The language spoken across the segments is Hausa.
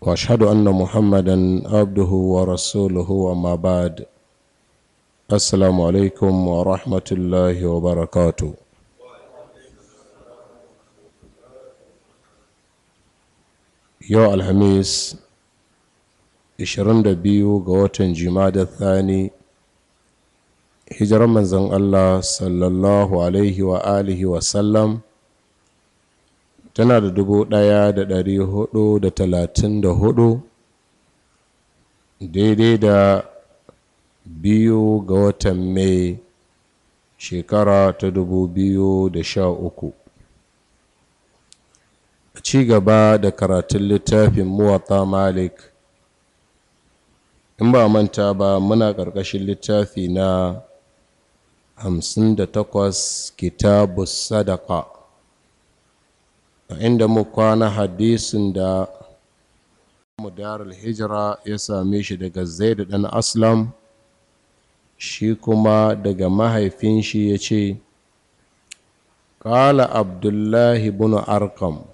واشهد ان محمدا عبده ورسوله وما بعد السلام عليكم ورحمه الله وبركاته yau alhamis 22 ga watan jimada thani hijirar manzan allah sallallahu tana da dubu ɗaya da ɗari hudu da talatin da hudu daidai da biyu ga watan mai shekara ta dubu biyu da sha uku a cigaba da karatun littafin muwatta malik in ba manta ba muna ƙarƙashin littafi na hamsin da 58 kitabu sadaka inda mu kwana hadisin da mudarul hijira ya same shi daga zaid dan aslam shi kuma daga mahaifin shi ya ce ƙala abdullahi bin arkam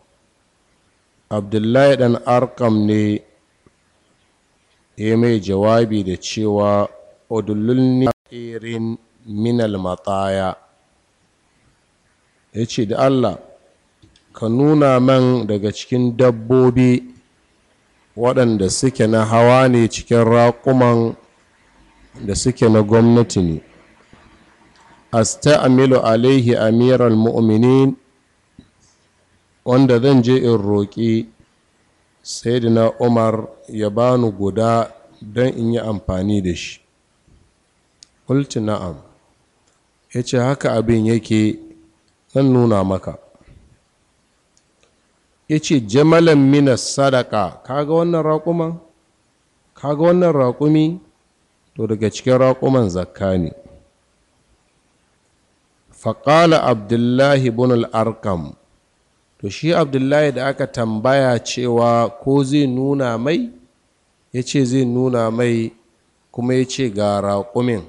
abdullahi dan arkam ne ya mai jawabi da cewa udululni irin minal mataya ya ce da allah ka nuna man daga cikin dabbobi waɗanda suke na hawa ne cikin raƙuman da suke na gwamnati ne asta'amilu alaihi amiral mu'minin wanda zan je in roƙi na umar ya bani guda don in yi amfani da shi kulti na'am ya ce haka abin yake zan nuna maka ya ce jamalan mina sadaka kaga wannan raƙuman kaga wannan raƙumi to daga cikin raƙuman zakka ne faƙala abdullahi bin al'arkam to shi abdullahi da aka tambaya cewa ko zai nuna mai ya ce zai nuna mai kuma ya ce ga raƙumin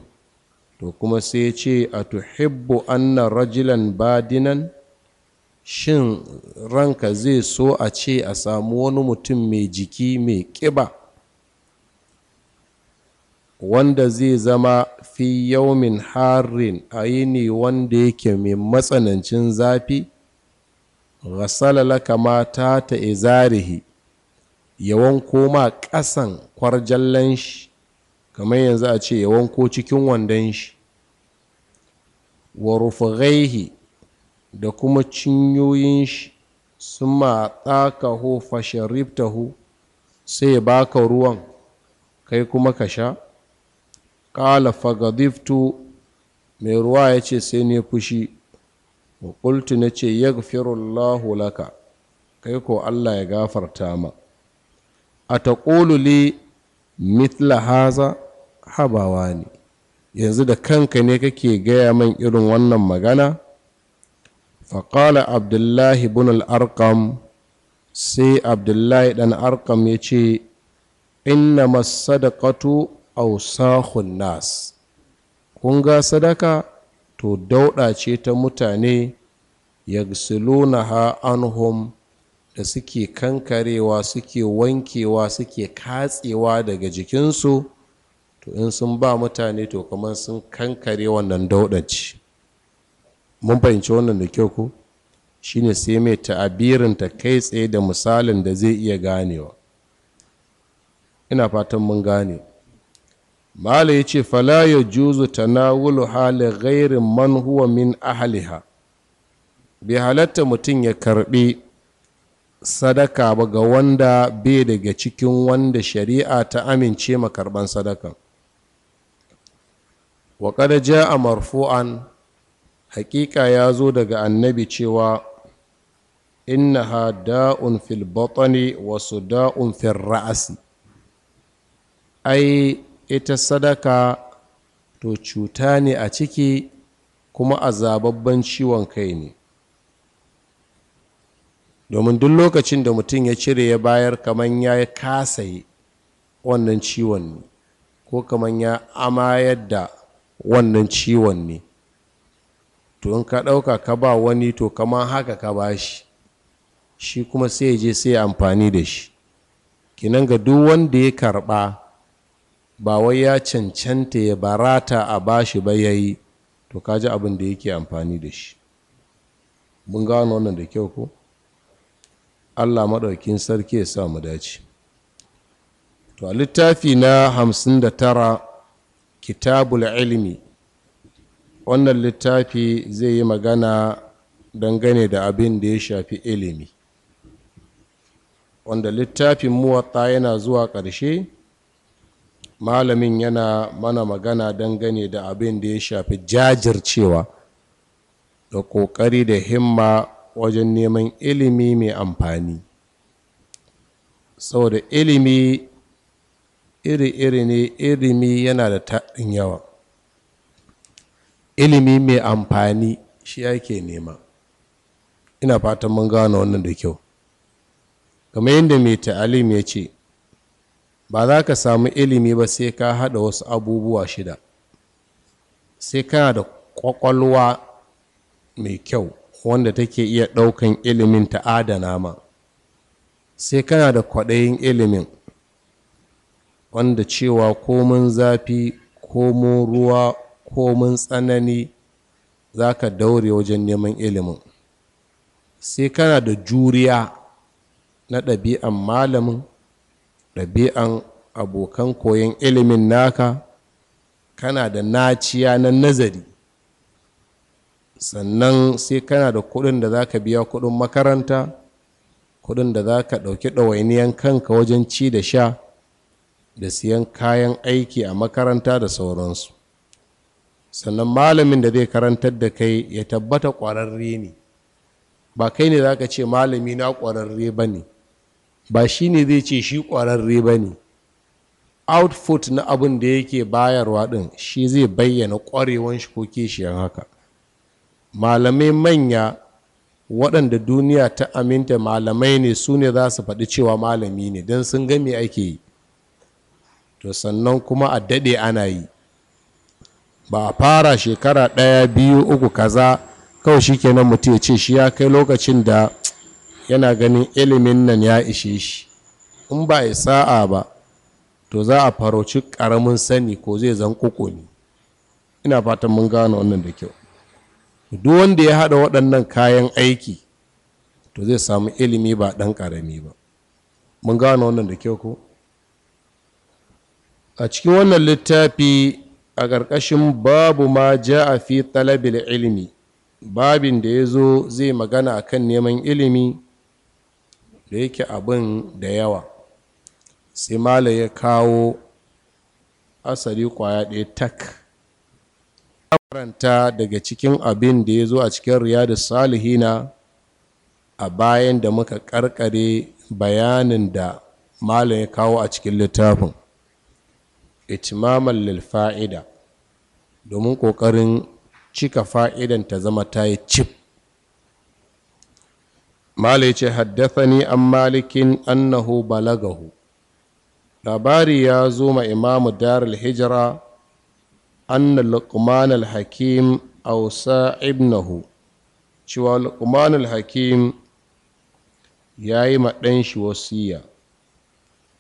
to kuma sai ya ce a tuhibbu annan rajilan badinan shin ranka zai so a ce a samu wani mutum mai jiki mai ƙiba wanda zai zama fi yaumin harin a ne wanda yake mai matsanancin zafi rasalala kamata ta ta izarihi yawan koma ƙasan kwarjallan shi kamar yanzu a ce yawan ko cikin wandon shi wa rufagaihi da kuma cinyoyin shi sun matsaka ho fasharibtahu sai ya baka ruwan kai kuma ka sha ƙala fagadiftu mai ruwa ya ce sai ne fushi wa ƙultu na ce ya laka kai ko allah ya gafarta ma a taƙolule mitla haza habawa ne yanzu da kanka ne kake gaya man irin wannan magana faƙala abdullahi bin Arkam sai abdullahi ɗan arkam ya ce inna masadakatu ausahun nas kun ga sadaka to dauɗa ce ta mutane yagsilunaha da suke kankarewa suke wankewa suke katsewa daga jikinsu to in sun ba mutane to kamar sun kankare wannan daudaci mun fahimci wannan da kyau ko shine sai mai ta'abirinta kai tsaye da misalin da zai iya ganewa ina fatan mun gane mala ya ce fala ya juzu tanawulu hali gairin man huwa min ahaliha bai halatta mutum ya karbi sadaka ba ga wanda bai daga cikin wanda shari'a ta amince ma karban sadaka wa kada ja a marfu'an haƙiƙa ya zo daga annabi cewa innaha da'un fil batani wasu da'un fil ra'asi ai ita sadaka to cuta ne a ciki kuma a zababban ciwon kai ne domin duk lokacin da mutum ya cire ya bayar kamar ya kasaye wannan ciwon ne ko kamar ya amayar da wannan ciwon ne to in ka ɗauka ka ba wani to kama haka ka ba shi shi kuma sai je sai amfani da shi kinan ga duk wanda ya karɓa ba wai ya cancanta ya barata a ba shi ba ya yi to ka ji abin da yake amfani da shi mun gano wannan da kyau ko allah maɗaukin sarki ya sa mu dace to a littafi na 59 kitabul ilimi. wannan littafi zai yi magana dangane da abin da ya shafi ilimi wanda littafin muwatta yana zuwa ƙarshe malamin yana mana magana dangane da abin da ya shafi jajircewa da ƙoƙari da himma wajen neman ilimi mai amfani saboda ilimi iri-iri ne ilimi yana da taɗin yawa ilimi mai amfani shi yake nema ina fatan mun gano wannan da kyau kamar yadda mai ta'alim ya ce ba za ka samu ilimi ba sai ka haɗa wasu abubuwa shida sai kana da ƙwaƙwalwa mai kyau wanda take iya ɗaukan ilimin ta adana ma sai kana da kwaɗayin ilimin wanda cewa komin zafi komin ruwa komin tsanani za ka daure wajen neman ilimin sai kana da juriya na ɗabi'an malamin ɗabi'an abokan koyon ilimin naka kana da naciya na nazari sannan sai kana da kuɗin da za ka biya kuɗin makaranta kuɗin da za ka ɗauki ɗawainiyan kanka wajen ci da sha da siyan kayan aiki a makaranta da sauransu sannan malamin da zai karantar da kai ya tabbata ƙwararre ne ba kai ne za ka ce malami na ƙwararre ba ne ba shi ne zai ce shi ƙwararre ba ne output na abin da yake bayarwa ɗin shi zai bayyana ƙwarewan shi ko kishiyan haka malamai manya waɗanda duniya ta aminta malamai ne su ne za su faɗi cewa malami ne don sun ga me ake yi to sannan kuma a daɗe ana yi ba a fara shekara ɗaya biyu uku kaza kawai shi kenan mutum ya ce shi ya kai lokacin da yana ganin ilimin nan ya ishe shi in ba a sa'a ba to za a farauci ƙaramin sani ko zai zan ne ina fatan mun gano wannan da kyau duk wanda ya haɗa waɗannan kayan aiki to zai samu ilimi ba ɗan ƙarami ba mun gano wannan da kyau ko a cikin wannan littafi a ƙarƙashin babu ma ja a fi talabil ilimi babin da ya zo zai magana akan neman ilimi da yake abin da yawa sai mala ya kawo asali kwaya ɗaya tak ta daga cikin abin da ya zo a cikin riyadu salihina a bayan da muka ƙarƙare bayanin da malam ya kawo a cikin littafin itimaman lilfa'ida fa'ida domin ƙoƙarin cika fa'idan ta zama ta yi cif mala ce ni an malikin annahu balagahu labari ya zo ma imamu darul hijira anna luqman al-hakim ausa ibnahu cewa luqman hakim ya yi ma ɗan shi wasiya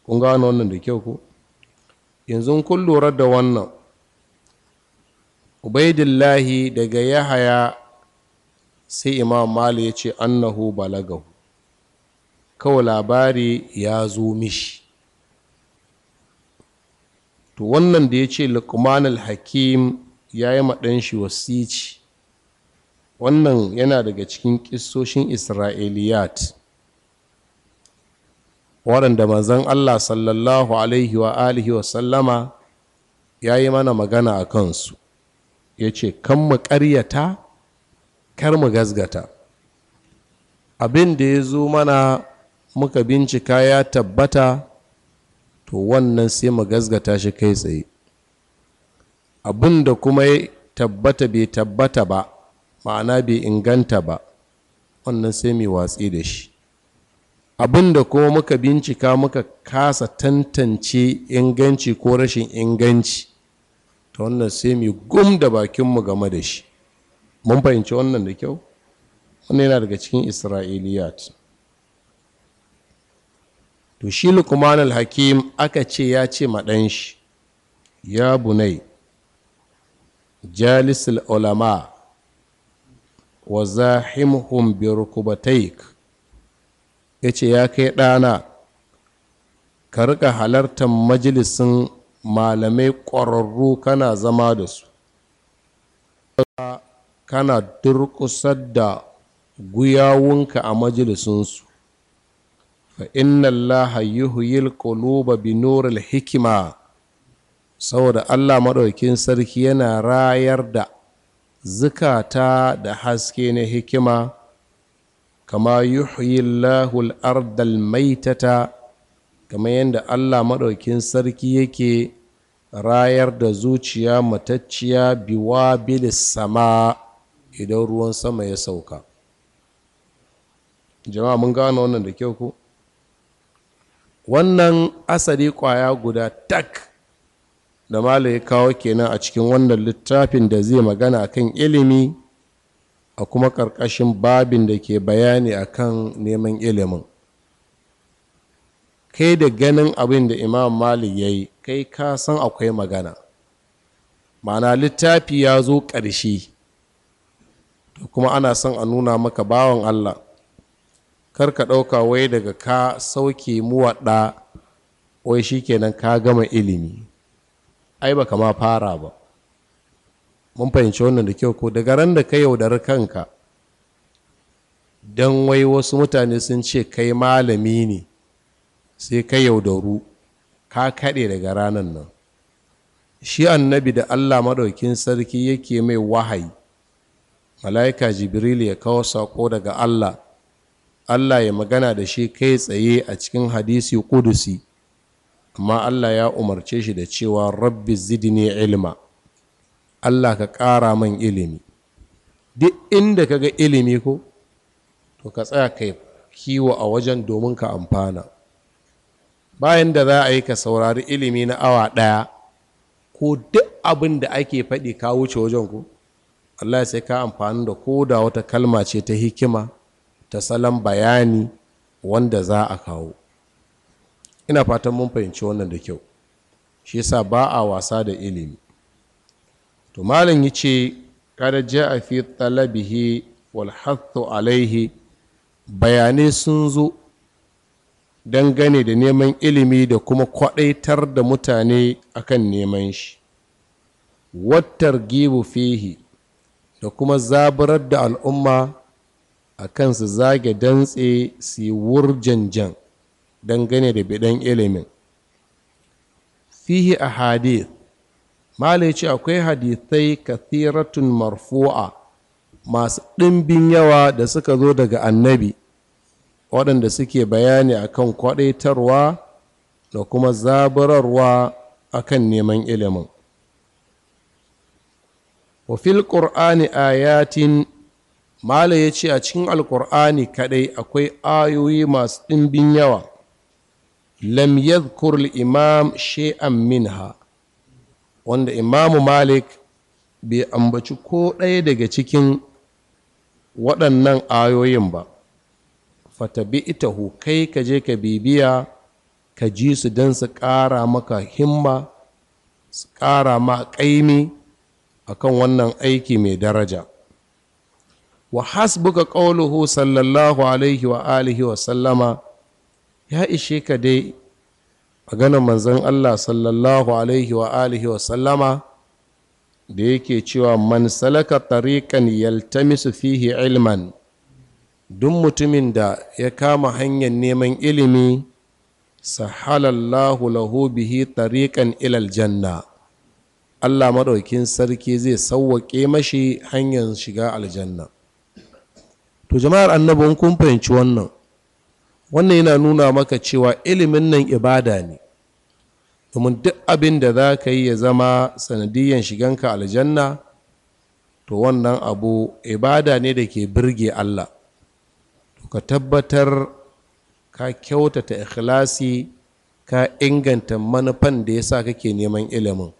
kun gano wannan da kyau ku yanzu kun lura da wannan Ubaidullahi, daga yahaya sai imam mali ya ce annahu balagahu kawai labari ya zo mishi to wannan da ya ce al hakim ya yi shi wasici wannan yana daga cikin ƙisoshin isra'iliyat waɗanda manzan Allah sallallahu alaihi wa alihi wa sallama ya yi mana magana a kansu ya ce kan mu karyata, kar mu gazgata abin da ya zo mana muka bincika ya tabbata to wannan sai mu gazgata shi kai tsaye abin da kuma ya tabbata bai tabbata ba ma'ana bai inganta ba wannan sai mai watsi da shi Abin da kuma muka bincika muka kasa tantance inganci ko rashin inganci ta wannan sai mu gum da bakinmu game da shi mun fahimci wannan da kyau wannan yana daga cikin isra'iliyat to shi lukman hakim aka ce ya ce ma shi ya bunai jalisul ulama wa zahimhum bi rukubataik ya ce ya kai ɗana ka rika halartar majalisin malamai ƙwararru kana zama da su kana durƙusar da guyawunka a majalisinsu fa inna allaha yuhyil quluba bi nuril hikima saboda allah maɗaukin sarki yana rayar da zukata da haske na hikima kama yuhyi Allahul ardal maitata kamar yadda Allah maɗaukin sarki yake rayar da zuciya matacciya biwa bilis sama idan ruwan sama ya sauka jama'a mun gano wannan da kyau ku wannan asali kwaya guda tak da malu kawo kenan a cikin wannan littafin da zai magana kan ilimi a kuma ƙarƙashin babin da ke bayani a kan neman ilimin kai da ganin abin da imam malik ya yi kai ka san akwai magana ma'ana littafi ya zo ƙarshe kuma ana son a nuna maka bawan allah kar ka ɗauka wai daga ka sauke muwaɗa wai shikenan ka gama ilimi ai baka ma fara ba mun fahimci wannan da kyau ko daga ran da ka yaudari kanka don wai wasu mutane sun ce kai malami ne sai ka yaudaru ka kaɗe daga ranar nan shi annabi da allah maɗaukin sarki yake mai wahayi mala'ika jibril ya kawo saƙo daga allah allah ya magana da shi kai tsaye a cikin hadisi kudusi amma allah ya umarce shi da cewa rabbi zidni ilma Allah ka ƙara man ilimi duk inda ka ga ilimi ko to ka tsaya ka kiwo a wajen domin ka amfana bayan da za a yi ka saurari ilimi na awa ɗaya ko duk abin da ake faɗi ka wuce wajen ku Allah sai ka amfani da ko da wata kalma ce ta hikima ta salon bayani wanda za a kawo ina fatan mun fahimci wannan da kyau shi yasa ba a wasa da ilimi to malam ya ce kada a fi talabihi walhattu alaihi bayanai sun zo dangane da neman ilimi da kuma kwaɗaitar da mutane akan neman shi wattar gibu fihi da kuma zaburar da al'umma a kan su zage dantse su yi wurjanjan dangane da bidan ilimin fihi a hadith malai ce akwai hadithai kathiratun marfu'a masu ɗimbin yawa da suka zo daga annabi waɗanda suke bayani akan kwaɗaitarwa da kuma zaburarwa akan neman ilimin wafil ƙur'ani ayatin mala ya ce a cikin alƙur'ani kaɗai akwai ayoyi masu ɗimbin yawa lam yadhkur imam shay'an minha wanda imamu malik bai ambaci ko ɗaya daga cikin waɗannan ayoyin ba fatabi ita kai ka je ka bibiya ka ji su don su ƙara maka himma su ƙara ma ƙaimi a kan wannan aiki mai daraja wa hasbuka ƙauluhu sallallahu alaihi wa alihi wa sallama ya ishe ka dai maganar manzon Allah sallallahu alaihi wa alihi wa sallama da yake cewa man salaka tariqan yaltamisu fihi ilman duk mutumin da ya kama hanyar neman ilimi sahalallahu lahu bihi tariqan ilal janna Allah maɗaukin sarki zai sauwaƙe mashi hanyar shiga aljanna to jama'ar annabin kun fahimci wannan wannan yana nuna maka cewa ilimin nan ibada ne domin duk abin da za ka yi ya zama sanadiyyar shiganka aljanna to wannan abu ibada ne da ke birge Allah ka tabbatar ka kyautata ikhlasi ka inganta manufan da ya sa kake neman ilimin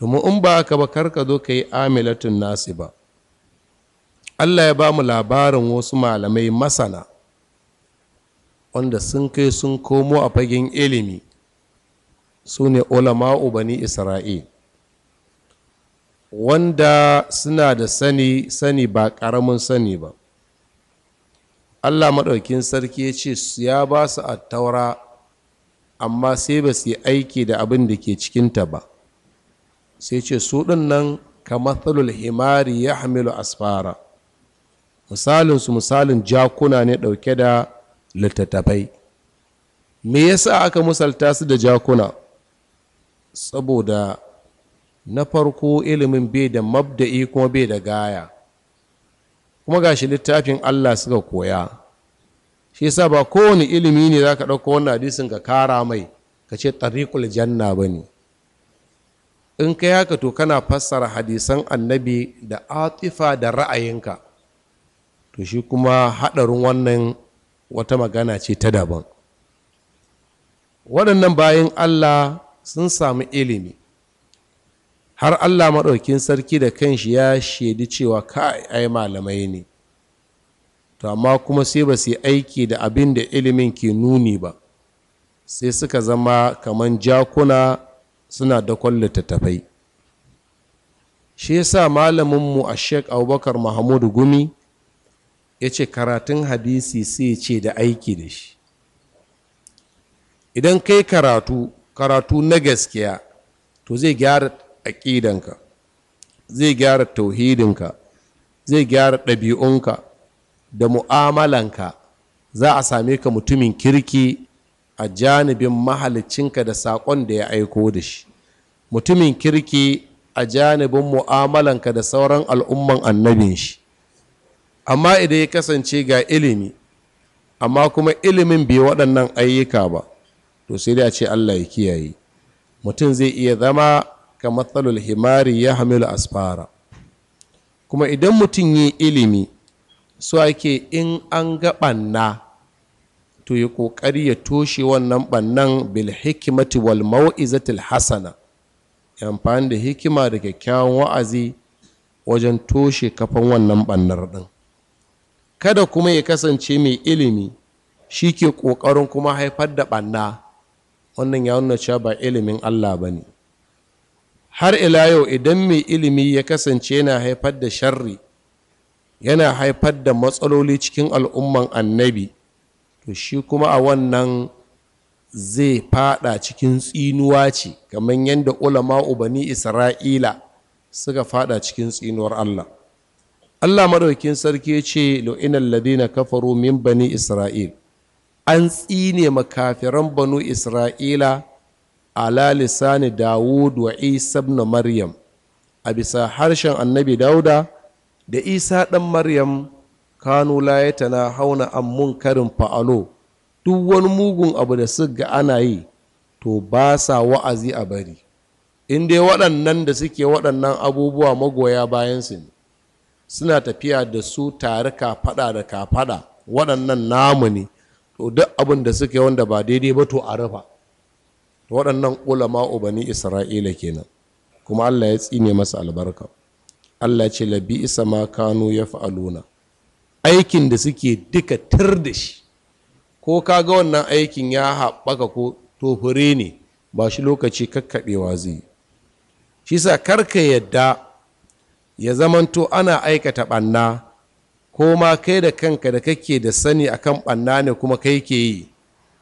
domin in ba ka ba karka zo ka yi amilatun nasi ba Allah ya ba mu labarin wasu malamai masana wanda sun kai sun komo a fagen ilimi su ne ulama'u bani isra'il wanda suna da sani sani ba ƙaramin sani ba allah maɗaukin sarki ya ce ya ba su attaura amma sai ba su yi aiki da abin da ke cikinta ba sai ce su ɗin nan kamathalul himari ya hamilu asfara misalinsu misalin jakuna ne ɗauke da littattafai me yasa aka musalta su da jakuna saboda na farko ilimin bai da mabda'i kuma bai da gaya kuma gashi littafin Allah suka koya shi yasa ba kowane ilimi ne za ka ɗauka wannan hadisin ka kara mai ka ce tariqul janna ne. in ka yaka to kana fassara hadisan annabi da atifa da ra'ayinka to shi kuma haɗarin wannan wata magana ce ta daban waɗannan bayan allah sun samu ilimi har allah maɗaukin sarki da kanshi ya shaidi cewa kai ai malamai ne to amma kuma sai ba su yi aiki da abin da ilimin ke nuni ba sai suka zama kamar jakuna suna dakon littattafai shi yasa malaminmu a sheik abubakar mahamudu gumi ya ce karatun hadisi sai ce da aiki da shi idan kai karatu karatu na gaskiya to zai gyara aƙidanka zai gyara tauhidinka zai gyara ɗabi'unka da mu'amalanka za a same ka mutumin kirki a janibin mahalicinka da saƙon da ya aiko da shi mutumin kirki a janibin mu'amalanka da sauran al'umman annabin shi amma idan ya kasance ga ilimi amma kuma ilimin bai waɗannan ayyuka ba to sai dai a ce Allah ya kiyaye mutum zai iya zama ga matsalul himari ya hamilu asfara kuma idan mutum yi ilimi so ake in an ga ɓanna to yi ƙoƙari ya toshe wannan ɓannan bil hikimati wal mau'izatil hasana amfani da hikima da kyakkyawan wa'azi wajen toshe kafan wannan ɓannar ɗin kada kuma ya kasance mai ilimi shi ke ƙoƙarin kuma haifar da ɓanna wannan ya nuna cewa ba ilimin Allah ba ne har ila yau idan mai ilimi ya kasance yana haifar da sharri yana haifar da matsaloli cikin al'umman annabi to shi kuma a wannan zai fada cikin tsinuwa ce kamar yadda ulama ubani isra'ila suka fada cikin tsinuwar Allah Allah madaukin sarki ya ce lo'inan ladina kafaru min bani Isra'il, an tsine makafiran banu Isra'ila ala lisani Dawud wa Isa na Maryam, a bisa harshen annabi Dauda da Isa ɗan Maryam kanu layata na hauna an munkarin fa'alo, duk wani mugun abu da su ga ana yi, to ba sa wa'azi a bari. In waɗannan da suke waɗannan abubuwa magoya bayansu ne. suna tafiya da su tare ka kafaɗa da ka kafaɗa waɗannan namu ne to duk abin da suka yi wanda ba daidai ba to a rufa waɗannan ulama ubani isra'ila kenan kuma allah ya tsine masa albarka allah ce labi isa ma kanu ya fa'aluna aikin da suke duka tir da shi ko ka ga wannan aikin ya haɓaka ko tofure ne ba shi lokaci kakkaɓewa zai shi sa karka yadda ya zamanto ana aikata ɓanna ko ma kai da kanka da kake da sani akan ɓanna ne kuma kai ke yi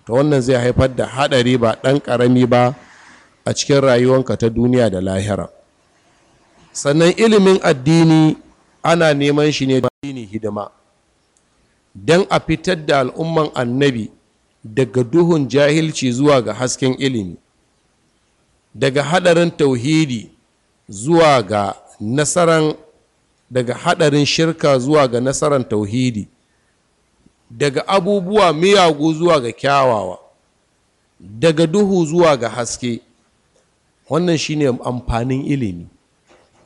ta wannan zai haifar da haɗari ba ɗan ƙarami ba a cikin rayuwanka ta duniya da lahira sannan ilimin addini ana neman shi ne addini hidima don a fitar da al'umman annabi daga duhun jahilci zuwa ga hasken ilimi daga haɗarin tauhidi zuwa ga nasaran daga haɗarin shirka zuwa ga nasaran tauhidi daga abubuwa miyagu zuwa ga kyawawa daga duhu zuwa ga haske wannan shine amfanin ilimi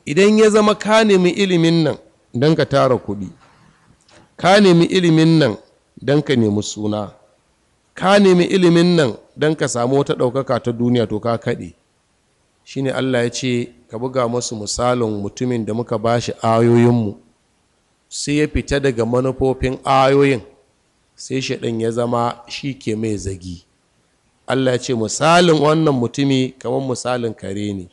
idan ya zama ka nemi ilimin nan don ka tara kuɗi ka nemi ilimin nan don ka nemi suna ka nemi ilimin nan don ka samu wata ɗaukaka ta duniya to ka kaɗe shine Allah ya ce ka buga masu misalin mutumin da muka ba shi ayoyinmu sai ya fita daga manufofin ayoyin sai shaɗin ya zama shi ke mai zagi Allah ya ce misalin wannan mutumi kamar misalin kare ne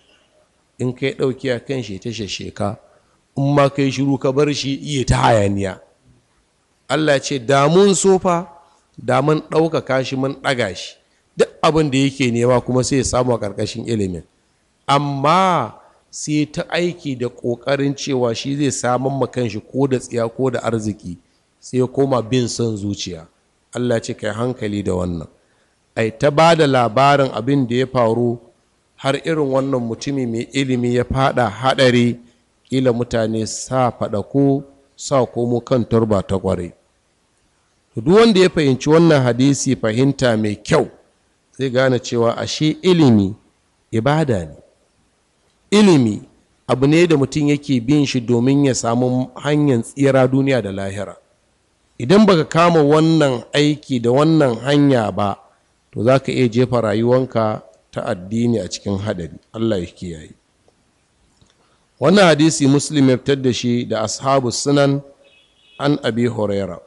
in kai ɗauki a kan shi sheka in ma kai shiru ka bar shi iya ta hayaniya Allah ya ce damun sofa damun ɗaukaka shi mun ɗaga shi duk abin da yake nema kuma sai ya samu a ƙarƙashin ilimin amma sai ta aiki da ƙoƙarin cewa shi zai samun makanshi ko da tsiya ko da arziki sai ya koma bin son zuciya allah ce kai hankali da wannan ai ta ba da labarin abin da ya faru har irin wannan mutumi mai ilimi ya fada haɗari ƙila mutane sa ko sa komo kan turba ta ƙware duk wanda ya fahimci wannan hadisi fahimta mai kyau zai gane cewa ashe ilimi ibada ne ilimi abu ne da mutum yake bin shi domin ya samu hanyar tsira duniya da lahira idan baka kama wannan aiki da wannan hanya ba to za ka iya jefa rayuwanka ta addini a cikin haɗari allah ya kiyaye wannan hadisi muslim ya fitar da shi da ashabu sunan an abi huraira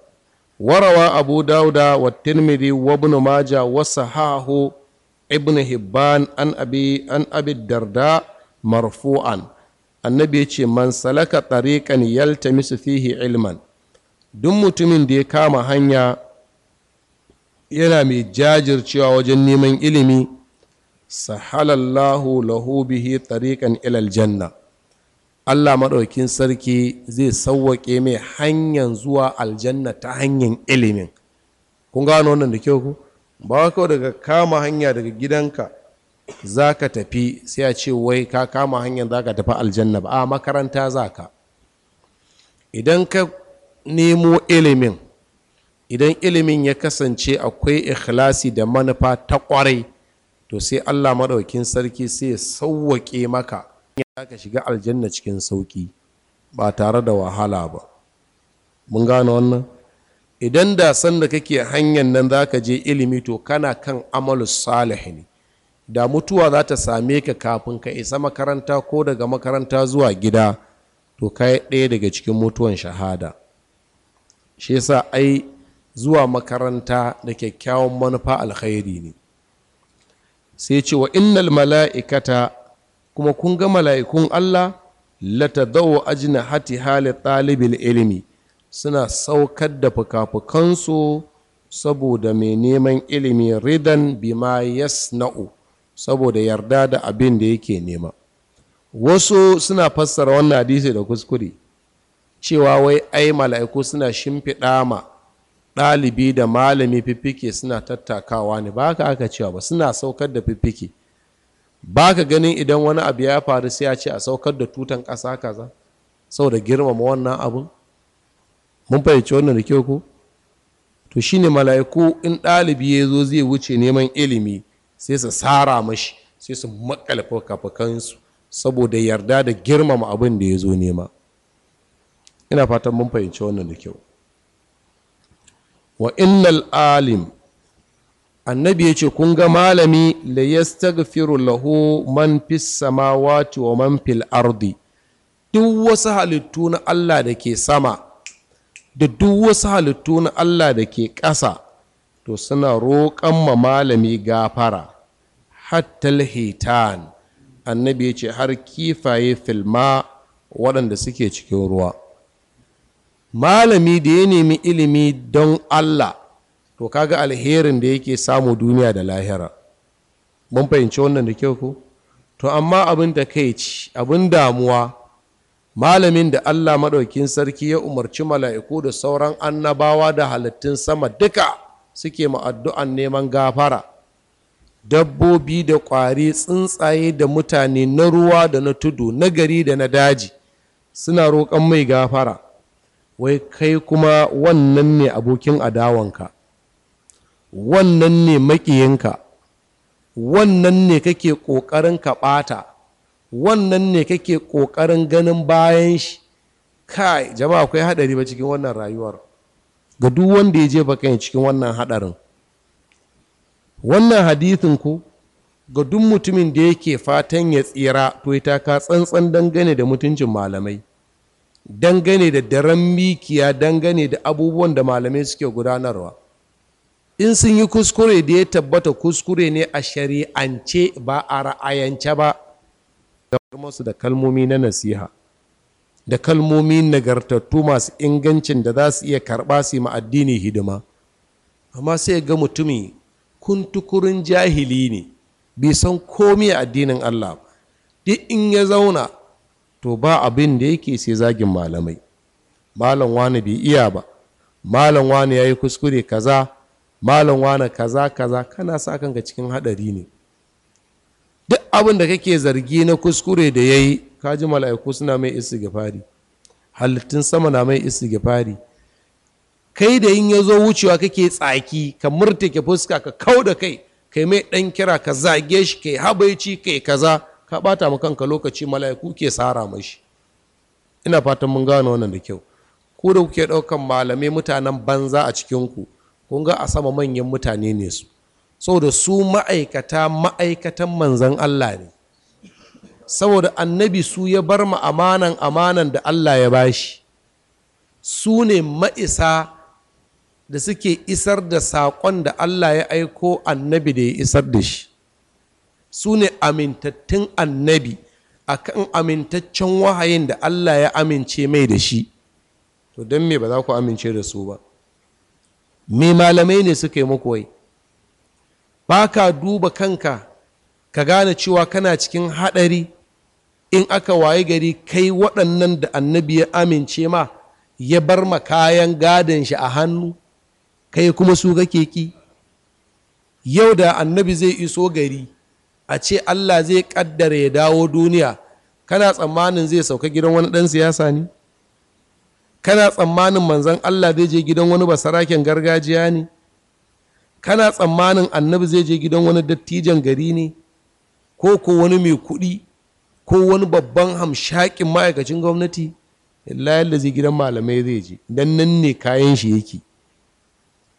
warawa abu dauda wa tirmidhi wa ibn majah wa sahahu ibn hibban an an abi darda marfu'an annabi ya ce man salaka tariqan yaltamisu fihi ilman duk mutumin da ya kama hanya yana mai jajircewa wajen neman ilimi sahalallahu lahu bihi tariqan ilal janna Allah maɗaukin sarki zai sauwaƙe mai hanyar zuwa aljanna ta hanyar ilimin kun gano wannan da kyau ku ba kawai daga kama hanya daga gidanka za ka tafi sai a ce wai ka kama hanyar za ka tafi aljanna ba a makaranta za ka idan ka nemo ilimin idan ilimin ya kasance akwai ikhlasi da manufa ta kwarai to sai allah maɗaukin sarki sai ya sauwaƙe maka za ka shiga aljanna cikin sauƙi ba tare da wahala ba mun gane wannan idan da sanda kake hanyar nan za ka je ilimi to kana kan amalus salih ne da mutuwa za ta same ka kafin ka isa makaranta ko daga makaranta zuwa gida to kai ɗaya daga cikin mutuwan shahada shi yasa ai zuwa makaranta da kyakkyawan manufa alkhairi ne sai ce wa innal mala'ikata kuma kun ga mala'ikun Allah lata dawo ajina hati hali ɗalibin ilimi suna saukar da fuka-fukansu saboda mai neman ilimi ridan bima yasna'u saboda yarda da abin da yake nema wasu suna fassara wannan hadisi da kuskure cewa wai ai mala'iku suna shimfiɗa ma ɗalibi da malami fiffike suna tattakawa ne ba ka aka cewa ba suna saukar da fiffike ba ka ganin idan wani abu ya faru sai ya ce a saukar da tutan ƙasa kaza saboda girmama wannan abin? mun fahimci wannan da kyau ko to shine mala'iku in ɗalibi ya zo zai wuce neman ilimi sai su sara mashi sai su makale fukafukansu saboda yarda da girmama abin da ya zo nema ina fatan mun fahimci wannan da kyau wa innal alim annabi ya ce kun ga malami la yastaghfiru lahu man fis samawati wa man fil ardi duk wasu halittu na Allah da ke sama da duk wasu halittu na Allah da ke ƙasa to suna roƙon ma malami gafara hattal hitan annabi ya ce har kifaye filma waɗanda suke cikin ruwa malami da ya nemi ilimi don allah to kaga alherin da yake samu duniya da lahira mun fahimci wannan da kyau ko to amma abin da kai ci abin damuwa malamin da allah maɗaukin sarki ya umarci mala'iku da sauran annabawa da halittun sama duka suke ma addu'an neman gafara dabbobi da ƙwari tsuntsaye da mutane na ruwa da na tudu na gari da na daji suna roƙon mai gafara wai kai kuma wannan ne abokin adawanka wannan ne maƙiyinka wannan ne kake ƙoƙarin ka ɓata wannan ne kake ƙoƙarin ganin bayan shi kai jama'a akwai haɗari ba cikin wannan rayuwar ga duk wanda ya jefa kai cikin wannan hadarin wannan hadithin ku ga duk mutumin da yake fatan ya tsira to ya taka tsantsan dangane da mutuncin malamai dangane da daren mikiya dangane da abubuwan da malamai suke gudanarwa in sun yi kuskure da ya tabbata kuskure ne a shari'ance ba a ra'ayance ba da kalmomi na nasiha da kalmomi nagartattu masu ingancin da za su iya karɓa su ma addini hidima amma sai ga mutumi kuntukurin jahili ne bai san komi a addinin Allah duk in ya zauna to ba abin da yake sai zagin malamai malam wani bai iya ba malam wani ya yi kuskure kaza malam wani kaza kaza kana sa kanka cikin haɗari ne duk abin da kake zargi na kuskure da yayi. Ka ji mala'iku suna mai istighfari halittun sama na mai istighfari kai da yin ya zo wucewa kake tsaki ka murtake fuska ka kau da kai kai mai ɗan kira ka zage shi kai habaici kai kaza ka bata ma kanka lokaci mala'iku ke sara mashi ina fatan mun gano wannan da kyau ku da kuke ɗaukan malamai mutanen banza a cikinku kun ga a sama manyan mutane ne su saboda su ma'aikata ma'aikatan manzan Allah ne saboda annabi su ya bar ma amanan amanan da Allah ya bashi su ne ma'isa da suke isar da saƙon da Allah ya aiko annabi da ya isar da shi su ne amintattun annabi a kan amintaccen wahayin da Allah ya amince mai da shi to don me ba za ku amince da su ba me malamai ne suka yi muku wai ba ka duba kanka ka gane cewa kana cikin haɗari in aka waye gari kai waɗannan da annabi ya amince ma ya bar ma kayan gadon shi a hannu kai kuma su kake ki yau da annabi zai iso gari a ce Allah zai kaddara ya dawo duniya kana tsammanin zai sauka gidan wani ɗan siyasa ne kana tsammanin manzan Allah zai je gidan wani basaraken gargajiya ne kana tsammanin annabi zai je gidan wani dattijan gari ne ko ko wani mai kuɗi ko wani babban hamshakin ma'aikacin gwamnati layar da zai gidan malamai zai je don nan ne kayan shi yake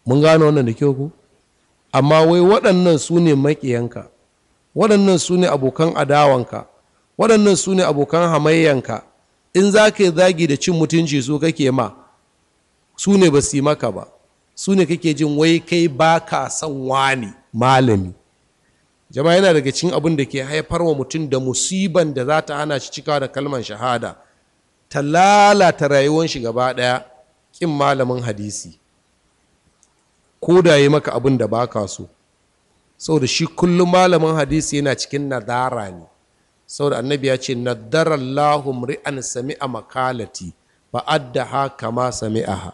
mun gano wannan da kyau ku amma wai waɗannan su ne maƙiyanka waɗannan su ne abokan adawanka waɗannan su ne abokan hamayyanka in za ka yi zagi da cin mutunci su kake ma su ne ba su yi maka ba su ne kake jin wai kai ba ka son wani malami jama'a yana daga cikin abin da ke haifar wa mutum da musiban da za ta hana shi cika da kalmar shahada ta lalata rayuwar shi gaba ɗaya ƙin malamin hadisi ko da yi maka abin da baka so saboda shi kullum malamin hadisi yana cikin nadara ne saboda annabi ya ce nadarallahu mri'an sami'a makalati ha kama ha.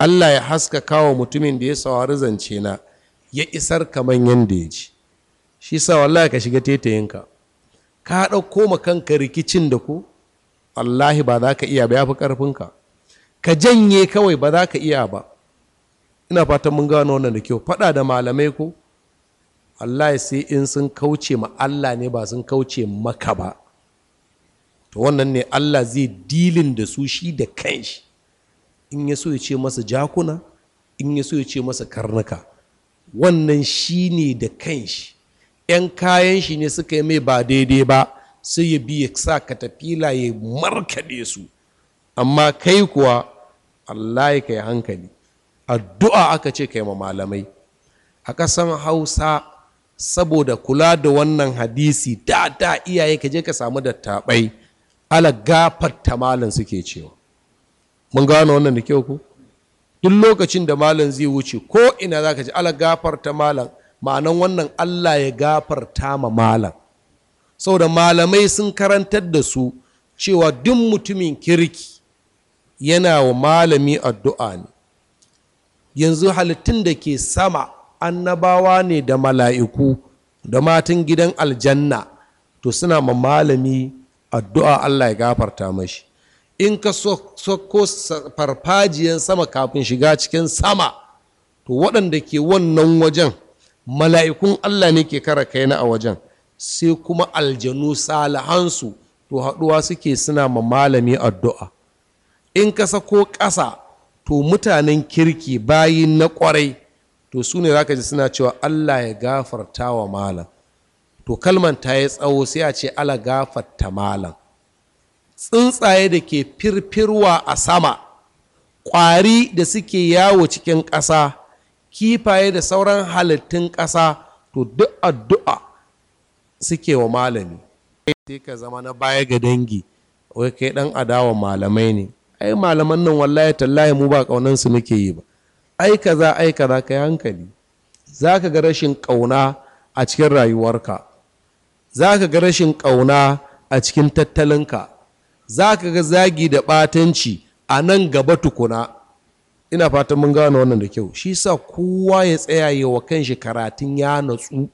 Allah ya haska kawo mutumin da ya saurari zance na ya isar kamar yanda ya ji shi sa wallahi ka shiga tetayinka ka ɗauko ma kanka rikicin da ku wallahi ba za ka iya ba ya fi ƙarfinka ka janye kawai ba za ka iya ba ina fatan mun gano wannan da kyau faɗa da malamai ko wallahi sai in sun kauce ma Allah ne ba sun kauce maka ba to wannan ne Allah zai dilin da su shi da kanshi in ya so ya ce masa jakuna in ya so ya ce masa karnuka wannan shi ne da kanshi 'yan kayan shi ne suka yi mai ba daidai ba sai ya biya sa katafila ya markaɗe su amma kai kuwa allah ya kai hankali addu'a aka ce kai ma malamai a ƙasan hausa saboda kula da wannan hadisi da da iyaye ka je ka samu da taɓai ala ta malam suke cewa mun gano wannan da kyau ku duk lokacin da malam zai wuce ko ina za ka ji ala ta malam ma'anan wannan Allah ya gafarta ma malam saboda malamai sun karantar da su cewa duk mutumin kirki yana wa malami addu'a ne yanzu halittun da ke sama annabawa ne da mala'iku da matan gidan aljanna to suna ma malami addu'a Allah ya gafarta mashi in ka sokko farfajiyan sama kafin shiga cikin sama to waɗanda ke wannan wajen mala'ikun Allah ne ke kara kaina a wajen sai kuma aljanu salahansu to haɗuwa suke suna ma malami addu'a in ka sako ƙasa to mutanen kirki bayi na ƙwarai to su ne zaka ji suna cewa Allah ya gafarta wa malam to kalman ta yi tsawo sai a ce ala gafarta malam tsuntsaye da ke firfirwa a sama ƙwari da suke yawo cikin ƙasa kifaye da sauran halittun ƙasa to duk addu'a suke wa malami sai ka zama na baya ga dangi wai kai dan adawa malamai ne ai malaman nan wallahi tallahi mu ba kaunan su muke yi ba ai kaza ai kaza kai hankali zaka ga rashin ƙauna a cikin rayuwarka zaka ga rashin ƙauna a cikin tattalinka zaka ga zagi da batanci a nan gaba tukuna ina fatan mun gane wannan da kyau shi sa kowa ya tsayaye wa kan shi karatun ya natsu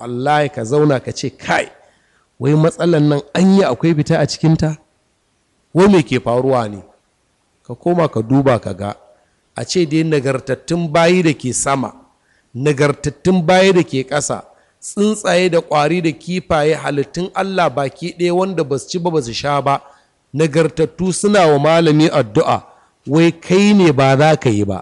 wallahi ka zauna ka ce kai wai matsalan nan an yi akwai fita a cikinta wai me ke faruwa ne ka koma ka duba ka ga a ce dai nagartattun bayi da ke sama nagartattun bayi da ke ƙasa tsuntsaye da ƙwari da kifaye halittun allah baki ɗaya wanda ba su ci ba ba su sha ba nagartattu suna wa malami addu'a wai kai ne ba za ka yi ba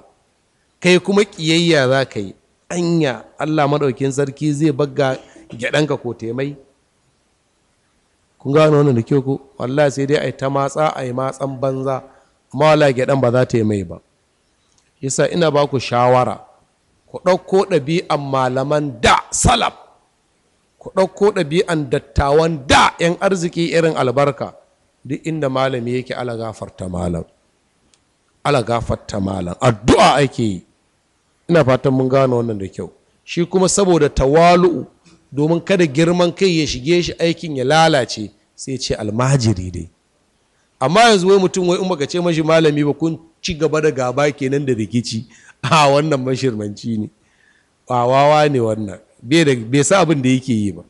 kai kuma ƙiyayya za ka yi anya allah maɗaukin sarki zai bagga gyaɗanka ko taimai kun gano da kyau ku? Walla sai dai a yi ta matsa a yi matsan banza amma wallahi gyaɗan ba za ta yi mai ba yasa ina ba ku shawara ku ɗauko ɗabi'an malaman da salaf ku ɗauko ɗabi'an dattawan da 'yan arziki irin albarka duk inda malami yake ala gafarta malam ala gafarta malam addu'a ake yi ina fatan mun gano wannan da kyau shi kuma saboda tawalu'u domin kada girman kai ya shige shi aikin ya lalace sai ce almajiri dai amma yanzu wai mutum wai umar ka ce mashi malami ba kun ci gaba da gaba kenan da rikici a wannan mashirmanci ne ba wawa ne wannan bai sa abin da yake yi ba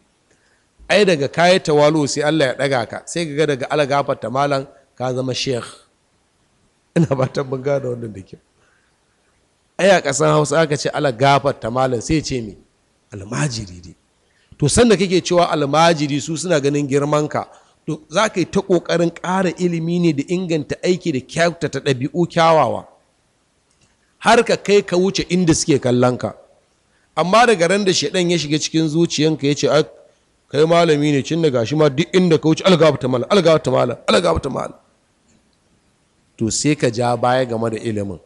ai daga kayi tawalu sai Allah ya ɗaga ka sai ga daga alagafarta malam ka zama sheikh ina ba ta mun da wannan da kyau ai a kasan hausa aka ce ala gafar ta malam sai ce me almajiri ne to sanda kake cewa almajiri su suna ganin girmanka to za ka yi ta ƙoƙarin ƙara ilimi ne da inganta aiki da ta ɗabi'u kyawawa har ka kai ka wuce inda suke kallon ka amma daga ran da shaɗan ya shiga cikin zuciyanka ya ce kai malami ne cin da gashi ma duk inda ka wuce algaba ta malam algaba ta malam algaba ta malam to sai ka ja baya game da ilimin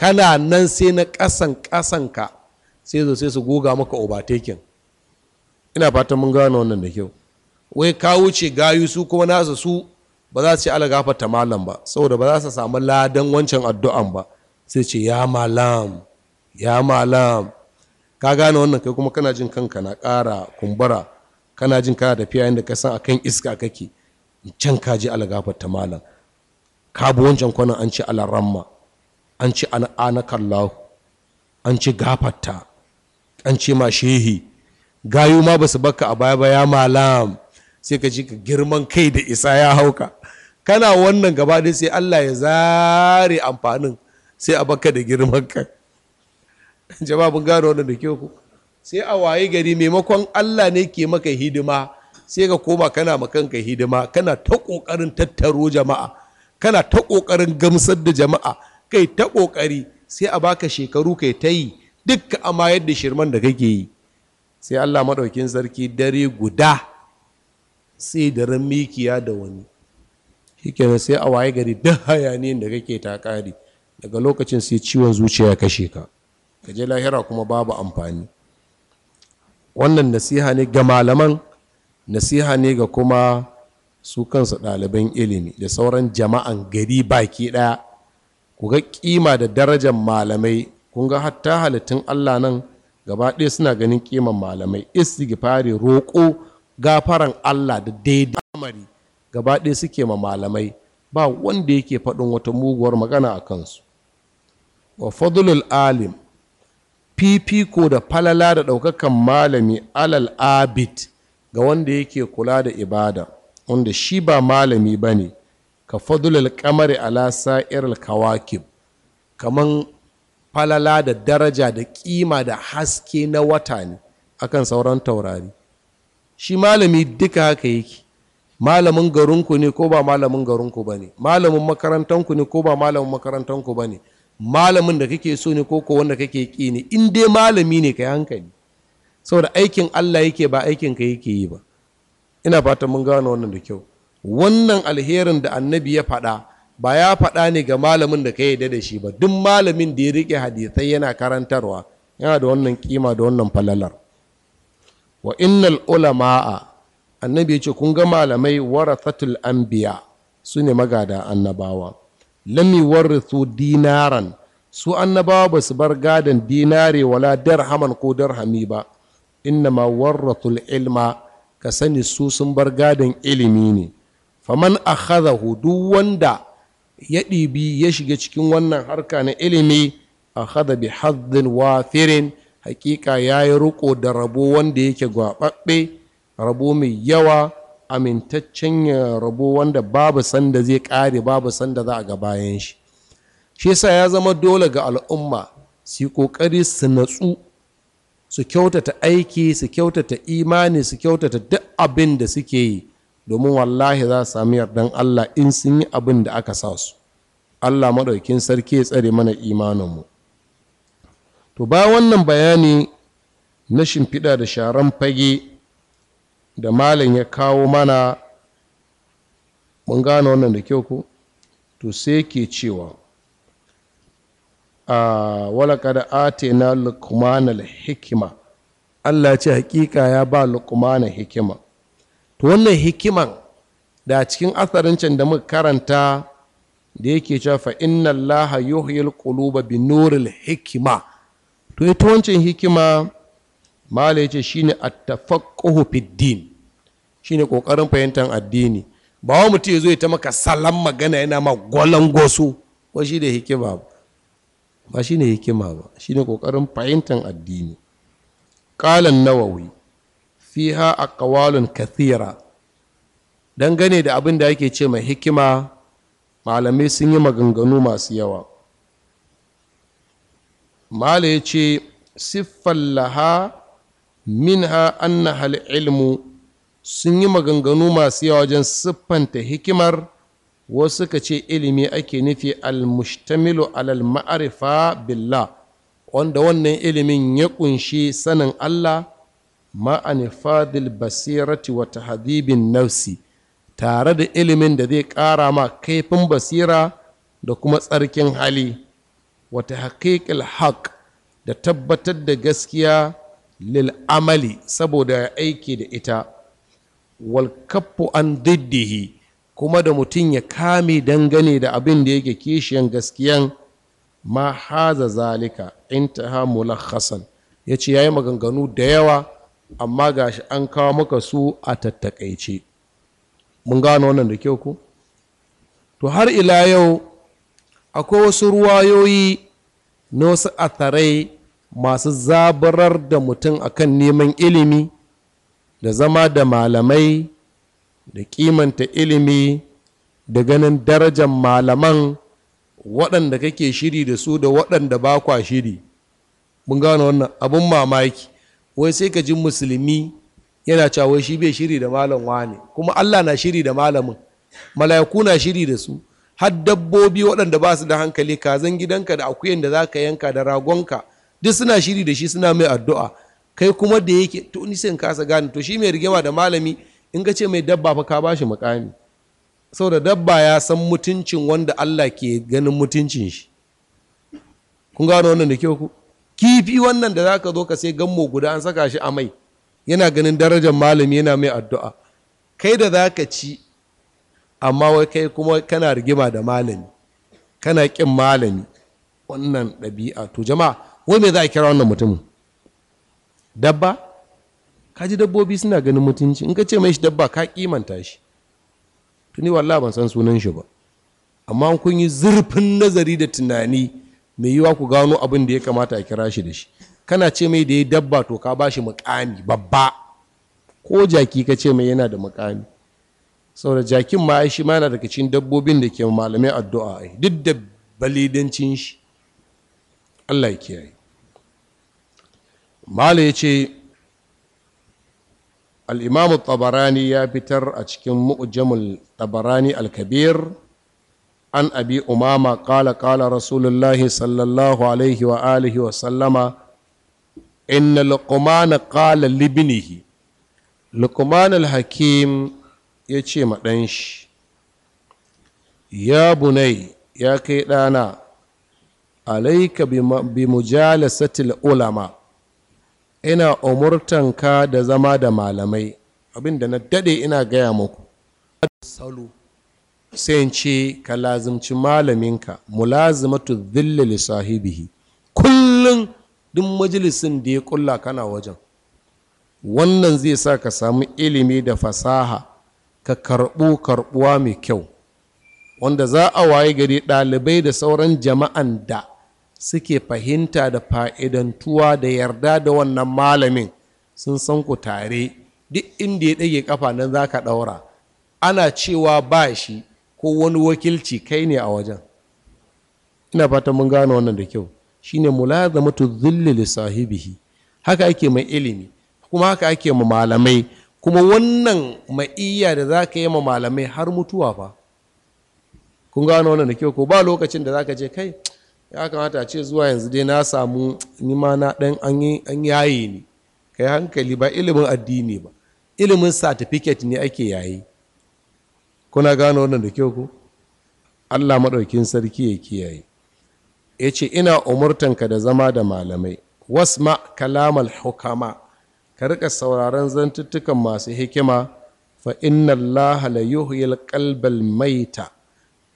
kana nan sai na kasan kasan ka sai zo sai su goga maka obatekin ina fatan mun gano wannan da kyau wai ka wuce gayu su kuma nasu su ba za su ce ala gafarta malam ba saboda ba za su samu ladan wancan addu'an ba sai ce ya malam ya malam ka gane wannan kai kuma kana jin kanka na ƙara kumbura kana jin kana tafiya yadda ka san akan iska kake can ka ji ala gafarta malam ka bi wancan kwanan an ci alaramma an ci anakallahu an ci gafarta an ce ma shehi gayu ma ba su baka a baya ba ya malam sai ka ji girman kai da isa ya hauka kana wannan gaba dai sai Allah ya zare amfanin sai a baka da girman kai jama'a gano wannan da kyau ku sai a waye gari maimakon Allah ne ke maka hidima sai ka koma kana ma kanka hidima kana ta kokarin tattaro jama'a kana ta ƙoƙarin gamsar da jama'a kai ta ƙoƙari sai a baka shekaru kai ta yi dukka amayar yadda shirman da kake yi sai allah maɗaukin sarki dare guda sai da ramikiya mikiya da wani shikenan sai a waye gari duk hayaniyan da kake ta ƙari daga lokacin sai ciwon zuciya kashe ka ka je lahira kuma babu amfani wannan nasiha ne ga malaman nasiha ne ga kuma su kansa ɗaliban ilimi da sauran jama'an gari baki ɗaya ku ga kima da darajar malamai kun ga hatta halittun allah nan gaba ɗaya suna ganin kiman malamai istighfari roƙo gafaran allah da daidai amari gaba ɗaya suke ma malamai ba wanda yake faɗin wata muguwar magana a kansu wa fadlul alim fifiko da falala da ɗaukakan malami alal abid ga wanda yake kula da ibada wanda shi ba malami ba ne ka fadulal kamari ala irin kawakib kaman falala da daraja da kima da haske na wata ne akan sauran taurari shi malami duka haka yake malamin garinku ne ko ba malamin garinku ba ne malamin makarantanku ne ko ba malamin makarantanku ba ne malamin da kake so ne ko ko wanda kake ki ne in dai malami ne ka yi hankali saboda aikin allah yake ba aikin ka yake yi ba ina fatan mun gane wannan da kyau wannan alherin da annabi ya faɗa ba ya faɗa ne ga malamin da ka yi da shi ba duk malamin da ya riƙe hadisai yana karantarwa yana da wannan kima da wannan falalar wa innal ulama'a annabi ya ce kun ga malamai warathatul anbiya su ne magada annabawa lami warithu dinaran su annabawa ba su bar gadon dinare wala darhaman ko darhami ba inna ma warathul ilma ka sani su sun bar gadon ilimi ne faman akhadahu duk wanda ya ɗibi ya shiga cikin wannan harka na ilimi akhadha bi haddin wafirin hakika yi riko da rabo wanda yake gwaɓaɓɓe rabo mai yawa amintaccen ya rabo wanda babu sanda zai ƙare babu sanda za a ga bayan shi shi yasa ya zama dole ga al'umma su yi ƙoƙari su natsu su kyautata aiki su kyautata imani su kyautata duk abin da suke yi domin wallahi za su sami yardan Allah in sun yi abin da aka sa su Allah maɗaukin sarki ya tsare mana imaninmu to ba wannan bayani na shimfiɗa da sharan fage da malam ya kawo mana mun gane wannan da kyau ko to sai ke cewa wala kada ate na lukmanal hikima Allah ce hakika ya ba lukmana hikima to wannan hikiman da cikin asarin da muka karanta da yake cewa inna allaha yuhyil quluba bi nuril hikima to ita wancan hikima mala yace shine at-tafaqquhu fid din shine kokarin fahimtar addini ba wa mutum ya zo ya ta maka salam magana yana ma gwalangoso ko shi da hikima ba ba shi ne hikima ba shi ne kokarin fahimtar addini ƙalan nawawi fiha ƙawalin kathira dangane da abin da yake ce mai hikima malamai sun yi maganganu masu yawa mala ya ce siffan laha min minha annaha ilmu sun yi maganganu masu yawa wajen siffanta hikimar wasu suka ce ilimi ake nufi almushtamilu alal ma'arifa billah wanda wannan ilimin ya kunshi sanin Allah ma'ani fadil basirati wa tahdibin nafsi tare da ilimin da zai kara ma kaifin basira da kuma tsarkin hali wata haƙiƙil haƙ da tabbatar da gaskiya lil amali saboda aiki da ita wal kaffu an diddihi kuma da mutum ya kame dangane da abin da yake kishiyan gaskiyan ma haza zalika intaha mulakhasan ya ce ya yi maganganu da yawa amma gashi an kawo maka su a tattakaice mun gano wannan da kyau ku to har ila yau akwai wasu ruwayoyi na wasu atharai masu zabarar da mutum akan neman ilimi da zama da malamai da kimanta ilimi da ganin darajar malaman waɗanda kake shiri da su da waɗanda ba kwa shiri mun gano wannan abin mamaki wai sai ka ji musulmi yana cewa shi bai shiri da malam wani kuma allah na shiri da malamin malayaku na shiri da su har dabbobi waɗanda ba su da hankali kazan gidanka da akuyan da za ka yanka da ragonka duk suna shiri da shi suna mai addu'a kai kuma da yake to ni sai kasa gane to shi mai rigima da malami in ka ce mai dabba fa ka ba shi mukami saboda dabba ya san mutuncin wanda Allah ke ganin mutuncin shi kun gano wannan da kyau ku kifi wannan da zaka zo ka sai gammo guda an saka shi a mai yana ganin darajar malami yana mai addu'a kai da zaka ci amma wai kai kuma kana rigima da malami kana kin malami wannan ɗabi'a to jama'a wai me za a kira wannan mutumin dabba ka ji dabbobi suna ganin mutunci in ka ce mai shi dabba ka kimanta shi tuni wallah ban san sunan shi ba amma kun yi zurfin nazari da tunani mai yiwa ku gano abin da ya kamata a kira shi da shi kana ce mai da ya dabba to ka ba shi mukami babba ko jaki ka ce mai yana da mukami saboda jakin ma shi ma yana daga cikin dabbobin da ke malamai addu'a duk da balidancin shi Allah ya kiyaye mala ya ce al'imamu tabarani ya fitar a cikin mu'jamul tabarani al-kabir an abi umama kala kala rasulullahi sallallahu alaihi wa alihi wa sallama inna luqmana qala libnihi luqman al-hakim ya ce ma ɗan ya bunai ya kai ɗana alaika bi mujalasatil ulama ina umurtanka da zama da malamai abinda na dade ina gaya muku salu sai in ce ka lazimci malaminka mulazimatu dhilla li sahibihi kullun duk majalisin da ya kulla kana wajen wannan zai sa ka samu ilimi da fasaha ka karɓo karɓuwa mai kyau wanda za a waye gari ɗalibai da sauran jama'an da suke fahimta da fa'idantuwa da yarda da wannan malamin sun san ku tare duk inda ya ɗage kafa nan za ka ɗaura ana cewa ba shi ko wani wakilci kai ne a wajen ina fata mun gano wannan da kyau shine mulazamatu dhilli li sahibihi haka ake mai ilimi kuma haka ake ma malamai kuma wannan ma'iyya da za ka yi ma malamai har mutuwa fa kun gano wannan da kyau ko ba lokacin da za ka je kai ya kamata ce zuwa yanzu dai na samu nima na ɗan an yayi ne kai hankali ba ilimin addini ba ilimin satifiket ne ake yayi kuna gano wannan da kyau ku allah maɗaukin sarki ya kiyaye ya ce ina umurtanka da zama da malamai wasma kalamal hukama ka rika sauraron zantuttukan masu hikima fa inna allaha la yuhyil qalbal maita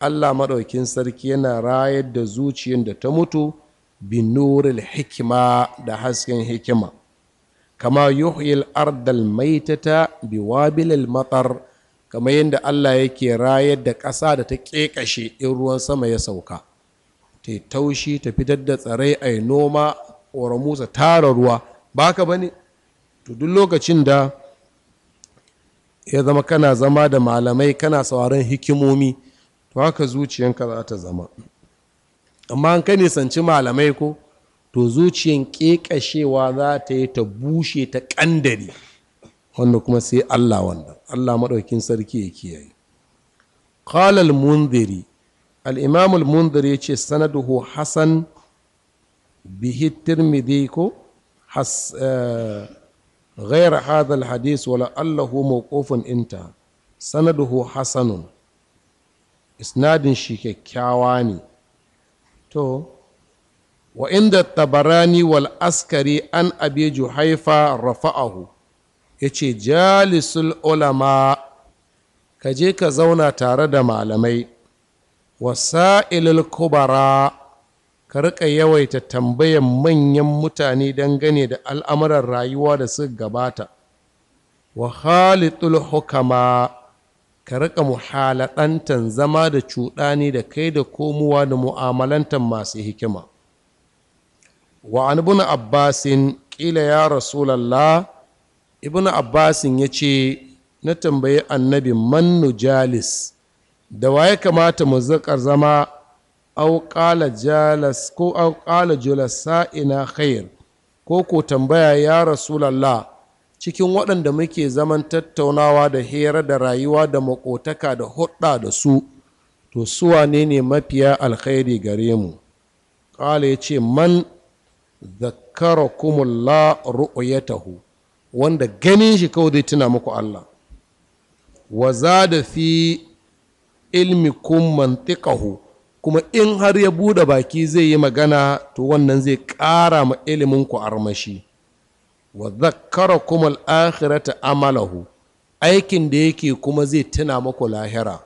Allah maɗaukin sarki yana rayar da zuciyar da ta mutu bin nuril hikima da hasken hikima kama yuhyil ardal maitata bi wabilil matar kama yadda Allah yake rayar da ƙasa da ta ƙeƙashe in ruwan sama ya sauka ta taushi ta fitar da tsarai a noma ramusa tara ruwa ba ka ba ne to duk lokacin da ya zama kana zama da malamai kana sauraron hikimomi to haka zuciyanka za ta zama amma an ka nisanci malamai ko to zuciyan ƙeƙashewa za ta yi ta bushe ta ƙandare wanda kuma sai Allah wanda Allah maɗaukin sarki ya kiyaye qala al-munziri al-imam al yace sanaduhu hasan bihi ko has غير هذا الحديث ولعله موقوف انتهى سنده حسن isnadin shi kyakkyawa ne to wa inda tabarani wal askari an abe juhaifa rafa'ahu ya ce jalisul ulama ka je ka zauna tare da malamai wasa'ilul kubara ka riƙa yawaita tambayan manyan mutane dangane da al'amuran rayuwa da suka gabata wa khalitul hukama ka riƙa muhalaɗantan zama da cuɗani da kai da komowa da mu'amalantan masu hikima wa an ibn abbasin ƙila ya rasulallah ibn abbasin ya ce na tambayi annabi mannu jalis da waye kamata mu zakar zama auƙala jalas ko auƙala julasa ina khair ko ko tambaya ya rasulallah cikin waɗanda muke zaman tattaunawa da hira da rayuwa da makotaka da hudda da su to suwa ne ne mafiya alkhairi gare mu ƙala ya ce man ya taho. wanda ganin shi kawai zai tuna muku Allah wa za da fi ilmikum mantiqahu kuma in har ya bude baki zai yi magana to wannan zai ƙara ma ilimin ku armashi wa zakkara kuma al'akhirata amalahu aikin da yake kuma zai tuna maku lahira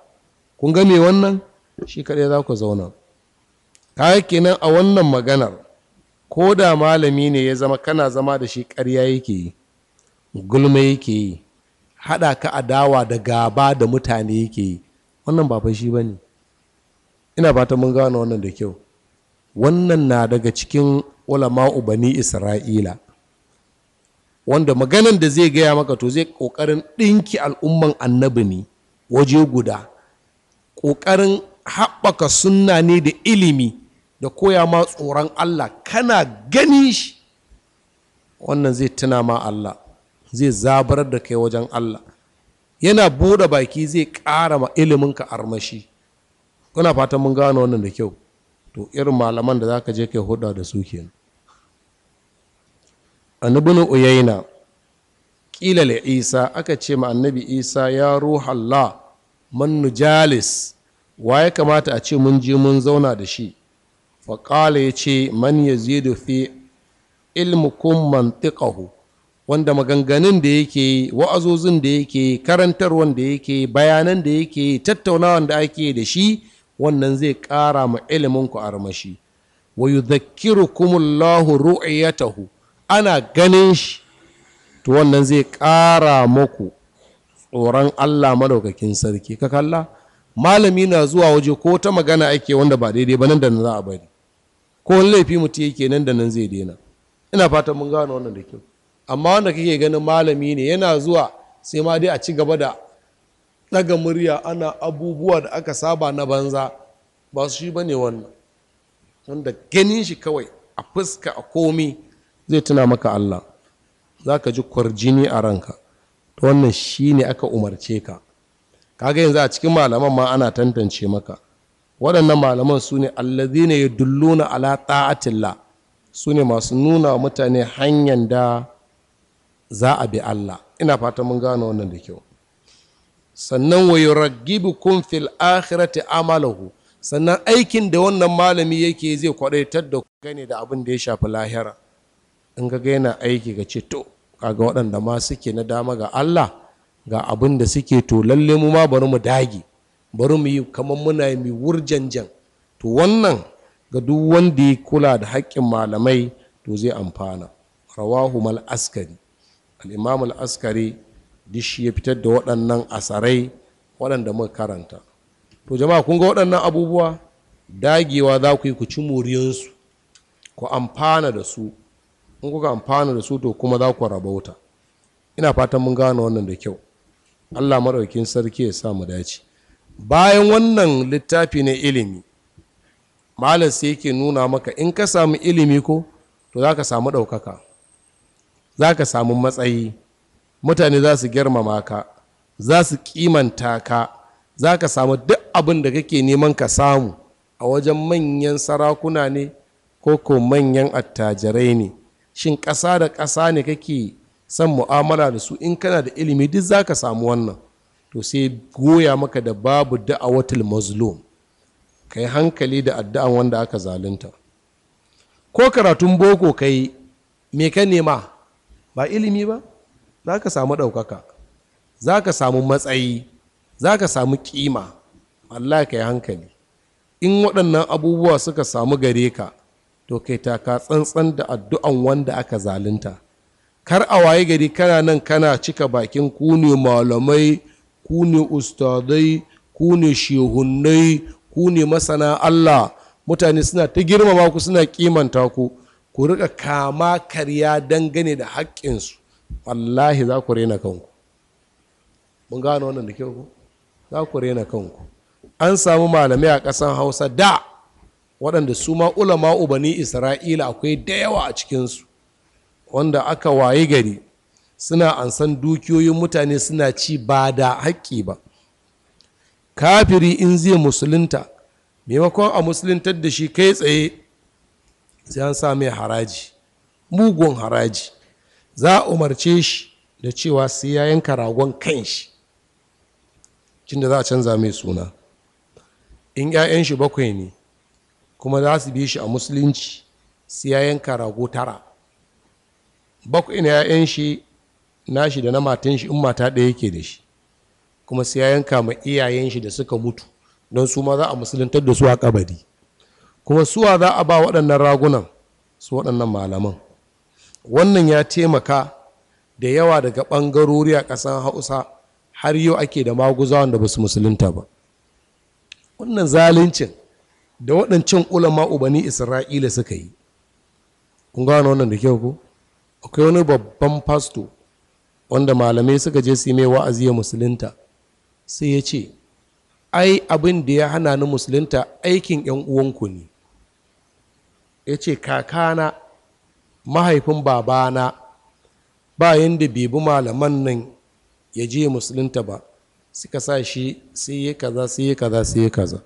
kun gane wannan shi kaɗai za ku zauna ta kenan a wannan maganar ko da malami ne ya zama kana zama da shi ƙarya yake yi gulma yake yi haɗa ka adawa da gaba da mutane yake yi wannan ba fashi ba ne ina ba ta mun gano wannan da kyau wannan na daga cikin ulama'u bani isra'ila wanda maganan da zai gaya maka to zai ƙoƙarin ɗinki al'umman annabi ne waje guda ƙoƙarin haɓaka sunna ne da ilimi da koya ma tsoron Allah kana gani shi wannan zai tuna ma Allah zai zabar da kai wajen Allah yana buɗe baki zai ƙara ma iliminka armashi kuna fatan mun gane wannan da kyau to irin malaman da za ka je kai huɗa da su kenan annabin uyaina ƙila la isa aka ce ma annabi isa ya ruhalla man nujalis wa ya kamata a ce mun je mun zauna da shi faƙala ya ce man ya fi ilmukun mantiƙahu wanda maganganun da yake yi wa'azozin da yake yi karantarwan da yake yi bayanan da yake yi tattaunawan da ake da shi wannan zai ƙara ma ilimin ku armashi wa yudhakkirukumullahu ru'yatahu ana ganin shi to wannan zai ƙara maku tsoron Allah madaukakin sarki ka kalla malami na zuwa waje ko ta magana ake wanda ba daidai ba nan da nan za a bari ko wani laifi mutum yake nan da nan zai daina ina fatan mun gane wannan da kyau amma wanda kake ganin malami ne yana zuwa sai ma dai a ci gaba da daga murya ana abubuwa da aka saba na banza ba su shi ba ne wannan wanda ganin shi kawai a fuska a komi zai tuna maka Allah za ka ji kwarjini a ranka ta wannan shi ne aka umarce ka kaga yanzu a cikin malaman ma ana tantance maka waɗannan malaman su ne allazi ne ya dulluna ala ta'atillah su ne masu nuna mutane hanyar da za a bi Allah ina fata mun gano wannan da kyau sannan wayo wa kun fil akhirati amalahu sannan aikin da wannan malami yake zai kwadaitar da ku gane da abin da ya shafi lahira in ga yana aiki ga ce to kaga waɗanda ma suke na dama ga Allah ga abin da suke to lalle mu ma bari mu dage bari mu yi kamar muna yi wurjanjan to wannan ga duk wanda ya kula da haƙƙin malamai to zai amfana rawahu mal askari al-imam al askari shi ya fitar da waɗannan asarai waɗanda muka karanta to jama'a kun ga waɗannan abubuwa dagewa za ku yi ku ci moriyansu ku amfana da su in kuka amfana da su to kuma za ku raba wuta? ina fatan mun gane wannan da kyau allah maɗaukin sarki ya sa mu dace bayan wannan littafi na ilimi malam sai yake nuna maka in ka samu ilimi ko to za ka samu ɗaukaka za ka samu matsayi mutane za su girmama ka za su kimanta ka za ka samu duk abin da kake neman ka samu a wajen manyan sarakuna ne ko ko manyan attajirai ne shin ƙasa da ƙasa ne kake son mu'amala da su in kana da ilimi duk za ka samu wannan to sai goya maka da babu da'awatul mazlum ka yi hankali da addu'an wanda aka zalunta ko karatun boko kai me ka nema ba ilimi ba za ka samu ɗaukaka za ka samu matsayi za ka samu kima Allah ka yi hankali in waɗannan abubuwa suka samu gare ka to kai ka tsantsan da addu'an wanda aka zalunta kar a waye gari kana nan kana cika bakin ku ne malamai ku ne ustadai ku ne shehunnai ku ne masana Allah mutane suna ta girmama ku suna kimanta ku ku rika kama karya dangane da haƙƙinsu wallahi za ku rena kanku mun gano wannan da kyau ku za ku rena kanku an samu malamai a ƙasan hausa da waɗanda su ma ulama ubani isra'ila akwai da yawa a cikinsu wanda aka waye gari suna ansan dukiyoyin mutane suna ci ba da haƙƙi ba kafiri in zai musulunta maimakon a musuluntar da shi kai tsaye sai an sa mai haraji mugun haraji za a umarce shi da cewa sai ya yanka ragon kanshi cin da za a canza mai suna in 'ya'yan shi bakwai ne kuma za su bi shi a musulunci su ya yanka rago tara bakwai ina ya'yan shi nashi da na matan shi in mata ɗaya yake da shi kuma su ya yanka ma iyayen shi da suka mutu don su ma za a musuluntar da su a kabari kuma suwa za a ba waɗannan ragunan su waɗannan malaman wannan ya taimaka da yawa daga ɓangarori a ƙasar hausa har yau ake da maguzawan da ba su musulunta ba wannan zaluncin da waɗancan ulama ubani isra'ila suka yi kun gano wannan da kyau ko akwai wani babban fasto wanda malamai suka je su yi mai wa'azi ya musulunta sai ya ce ai abin da ya hana ni musulunta aikin yan uwanku ne ya ce kakana mahaifin babana ba yadda bai bi malaman nan ya je musulunta ba suka sa shi sai ya kaza sai ya kaza sai ya kaza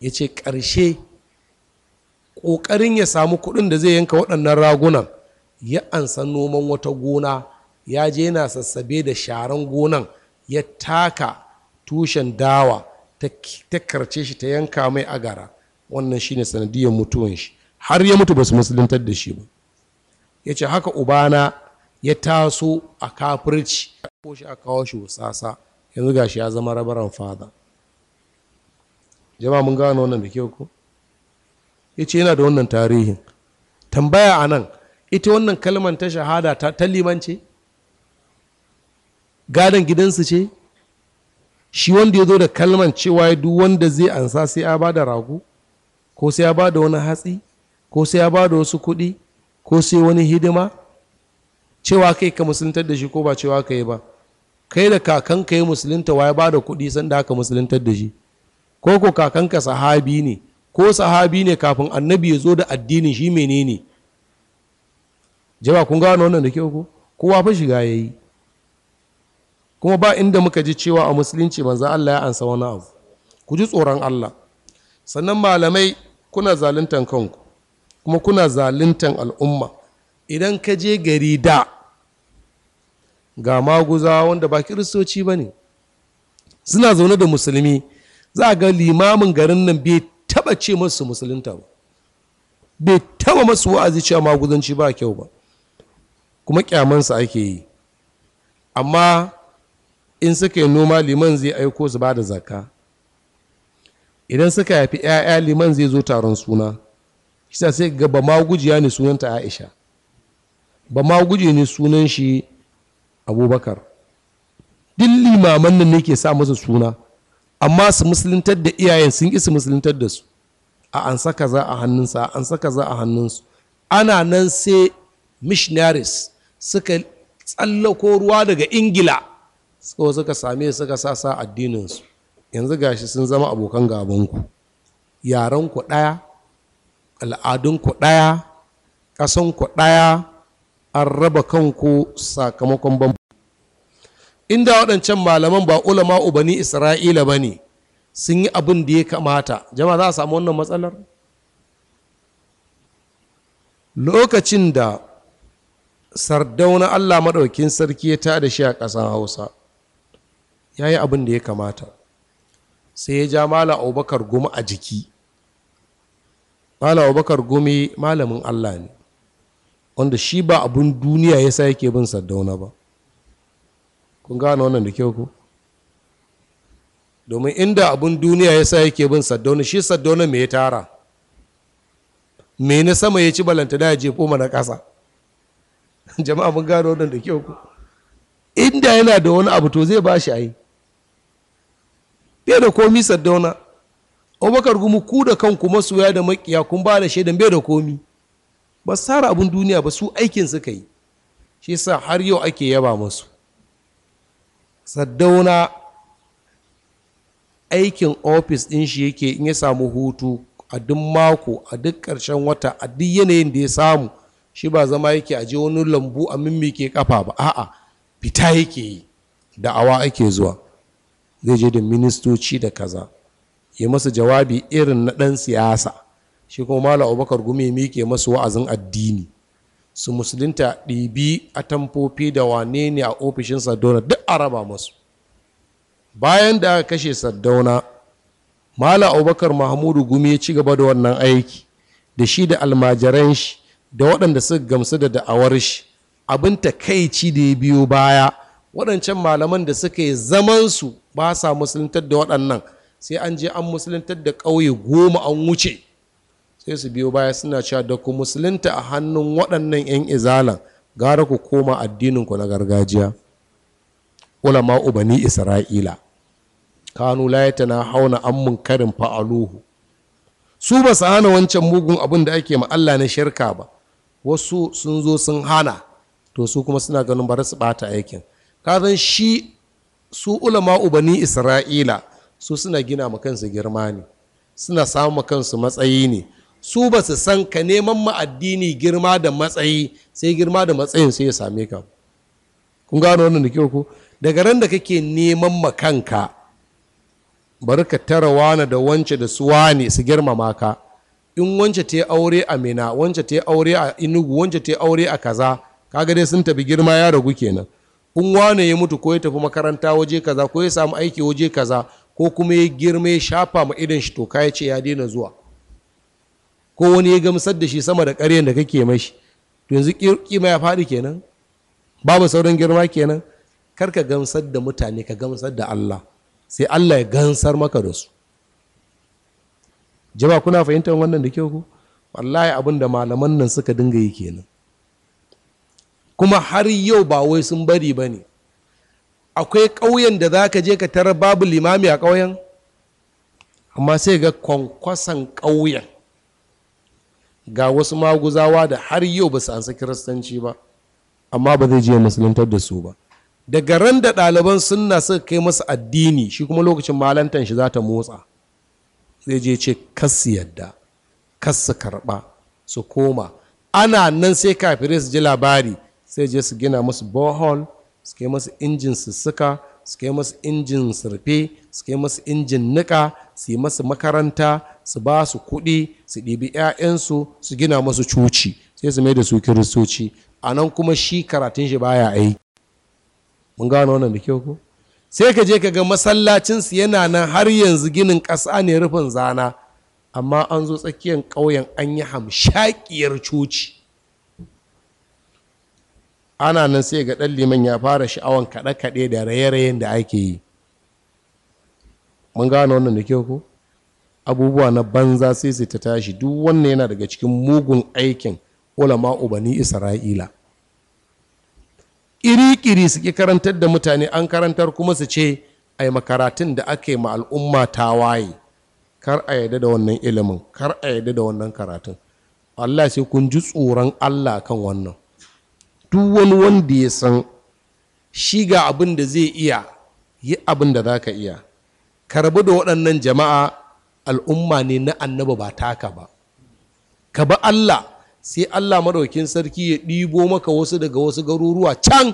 ya ce ƙarshe ƙoƙarin ya samu kuɗin da zai yanka waɗannan ragunan ya ansa noman wata gona ya je yana sassabe da sharan gonan ya taka tushen dawa ta karce shi ta yanka mai agara wannan shine sanadiyar mutuwan shi har ya mutu ba su musuluntar da shi ba ya ce haka ubana ya taso a kafirci ko shi a kawo shi wasasa yanzu gashi ya zama rabaran fada jama'a mun gano wannan da kyau ko ya ce yana da wannan tarihin tambaya a nan ita wannan kalman ta shahada ta limance gadon gidansu ce shi wanda ya zo da kalman cewa duk wanda zai ansa sai ya da ragu ko sai ya da wani hatsi ko sai ya da wasu kuɗi ko sai wani hidima cewa kai ka musuluntar da shi ko ba cewa ka yi ba kai da kakan ka yi musulunta wa ya bada kuɗi sanda aka musuluntar da shi ko ko kakanka sahabi ne ko sahabi ne kafin annabi ya zo da addinin shi menene jama'a kun gano wannan da kyau ko kowa fa shiga yayi kuma ba inda muka ji cewa a musulunci manzo Allah ya ansa wani abu ku ji tsoron Allah sannan malamai kuna zaluntan kanku kuma kuna zaluntan al'umma idan ka je gari da ga maguza wanda ba kiristoci ba ne suna zaune da musulmi za ga limamin garin nan bai taba ce masu musulunta ba bai taba masu wa'azi cewa maguzanci ba kyau ba kuma kyamansa ake yi amma in suka yi noma liman zai aiko su ba da zakka idan suka yafi 'ya'ya liman zai zo taron suna shi sai ga ba magujiya ne sunanta aisha ba maguji ne sunan shi abubakar duk limaman nan ne ke sa masa suna amma su musuluntar da iyayen sun ƙi su musuluntar da su a an saka za a hannunsu a an saka za a hannunsu ana nan sai missionaries suka tsallako ruwa daga ingila suka suka same suka sa sa addininsu yanzu gashi sun zama abokan gabanku yaranku ɗaya al'adunku ɗaya ƙasanku ɗaya an raba kanku sakamakon inda waɗancan malaman ba ulama ubani isra'ila ba ne sun yi abin da ya kamata jama'a za a samu wannan matsalar lokacin da sardauna allah maɗaukin sarki ya tada shi a ƙasar hausa ya yi abin da ya kamata sai ya ja mala abubakar gumi a jiki mala abubakar gumi malamin allah ne wanda shi ba abin duniya ya sa yake bin sardauna ba kun gane wannan da kyau ku domin inda abun duniya ya sa yake bin saddauna shi saddauna me ya tara mai na sama ya ci balanta da ya koma na ƙasa jama'a mun gane wannan da kyau ku inda yana da wani abu to zai ba shi ai bai da komi saddauna abubakar gumu ku da kanku ya da makiya kun ba da shaidan bai da komi ba su tara abin duniya ba su aikin suka yi shi sa har yau ake yaba masu saddauna aikin ofis din shi yake in ya samu hutu a duk mako a duk ƙarshen wata a duk yanayin da ya samu shi ba zama yake aje wani lambu a mimmike kafa ba a'a fita yake yi da'awa ake zuwa zai je da ministoci da kaza ya masu jawabi irin na ɗan siyasa shi kuma malam abubakar gumi mike masu wa'azin addini su musulunta ɗibi a tamfofi da wane ne a ofishin sardauna duk a raba masu bayan da aka kashe sardauna mala abubakar mahmudu gumi ya ci gaba da wannan aiki da shi da almajiran shi da waɗanda suka gamsu da da'awar shi abin takaici da ya biyo baya waɗancan malaman da suka yi zamansu ba sa musuluntar da waɗannan sai an je an musuluntar da ƙauye goma an wuce sai su biyo baya suna cewa da ku musulunta a hannun waɗannan 'yan izalan gara ku koma addininku na gargajiya ulama ubani isra'ila kanu layata na hauna ammun karin fa'aluhu su ba su hana wancan mugun abin da ake Allah na shirka ba wasu sun zo sun hana to su kuma suna ganin bari su bata aikin kazan shi su ulama ubani isra'ila su suna gina ma kansu girma ne suna samu kansu matsayi ne su ba su san ka neman ma'addini girma da matsayi sai girma da matsayin sai ya same ka kun gano wannan da kyau ko daga ran da kake neman ma kanka bari ka tara wane da wance da su wane su girmama ka in wance ta yi aure a mina wance ta yi aure a inugu wance ta yi aure a kaza kaga dai sun tafi girma ya ragu kenan in wane ya mutu ko ya tafi makaranta waje kaza ko ya samu aiki waje kaza ko kuma ya girma ya shafa ma idan shi to ka ya ce ya daina zuwa ko wani ya gamsar da shi sama da ƙaryen da kake mashi to yanzu kima ya faɗi kenan babu sauran girma kenan kar ka gamsar da mutane ka gamsar da Allah sai Allah ya gansar maka da su jama kuna fahimtar wannan da kyau ku wallahi abin da malaman nan suka dinga yi kenan kuma har yau ba wai sun bari ba ne akwai ƙauyen da za ka je ka tarar babu limami a ƙauyen amma sai ga kwankwasan ƙauyen ga wasu maguzawa da har yau ba su ansa kiristanci ba amma ba zai je musuluntar da su ba daga ran da ɗaliban sunna suka kai masu addini shi kuma lokacin malantan shi za ta motsa zai je ce kas yadda kas su karɓa su koma ana nan sai kafirai su ji labari sai je su gina masu borehole su kai masu injin sussuka su kai masu injin surfe su kai masu injin nika su yi masu makaranta su ba su kuɗi su ɗibi 'ya'yansu su gina masu cuci sai su mai da su kiristoci a nan kuma shi karatun shi baya aiki mun gano wannan da kyau ko sai ka je ka ga masallacinsu yana nan har yanzu ginin ƙasa ne rufin zana amma an zo tsakiyar ƙauyen an yi hamshaƙiyar coci ana nan sai ga ɗan liman ya fara sha'awan kaɗe-kaɗe da raye-rayen da ake yi mun gano wannan da kyau ko abubuwa na banza sai su ta tashi duk wannan yana daga cikin mugun aikin ulama ubani isra'ila iri-kiri su ki karantar da mutane an karantar kuma su ce a yi makaratun da aka yi ma al'umma waye. kar a yarda da wannan ilimin kar a yarda da wannan karatun Allah sai kun ji tsoron Allah kan wannan duk wani wanda ya san shi ga abin da zai iya yi abin da za ka iya karbi da waɗannan jama'a al'umma ne na annaba ba taka ba ka ba Allah sai Allah maɗaukin sarki ya ɗibo maka wasu daga wasu garuruwa can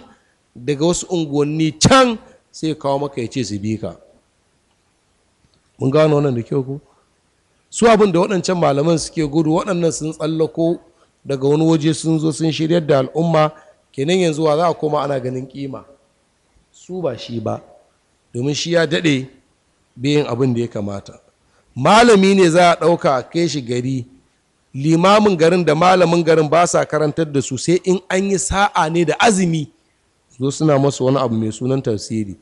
daga wasu unguwanni can sai kawo maka ya ce su bi ka mun gano wannan da kyau ku. su abin da waɗancan malaman suke gudu waɗannan sun tsallako daga wani waje sun zo sun shirya da al'umma kenan yanzu wa za a koma ana ganin kima su ba shi ba domin shi ya daɗe bayan abin da ya kamata malami ne za a ɗauka a kai shi gari limamin garin da malamin garin ba sa karantar da su sai in an yi sa'a ne da azumi zo suna masu wani abu mai sunan tafsiri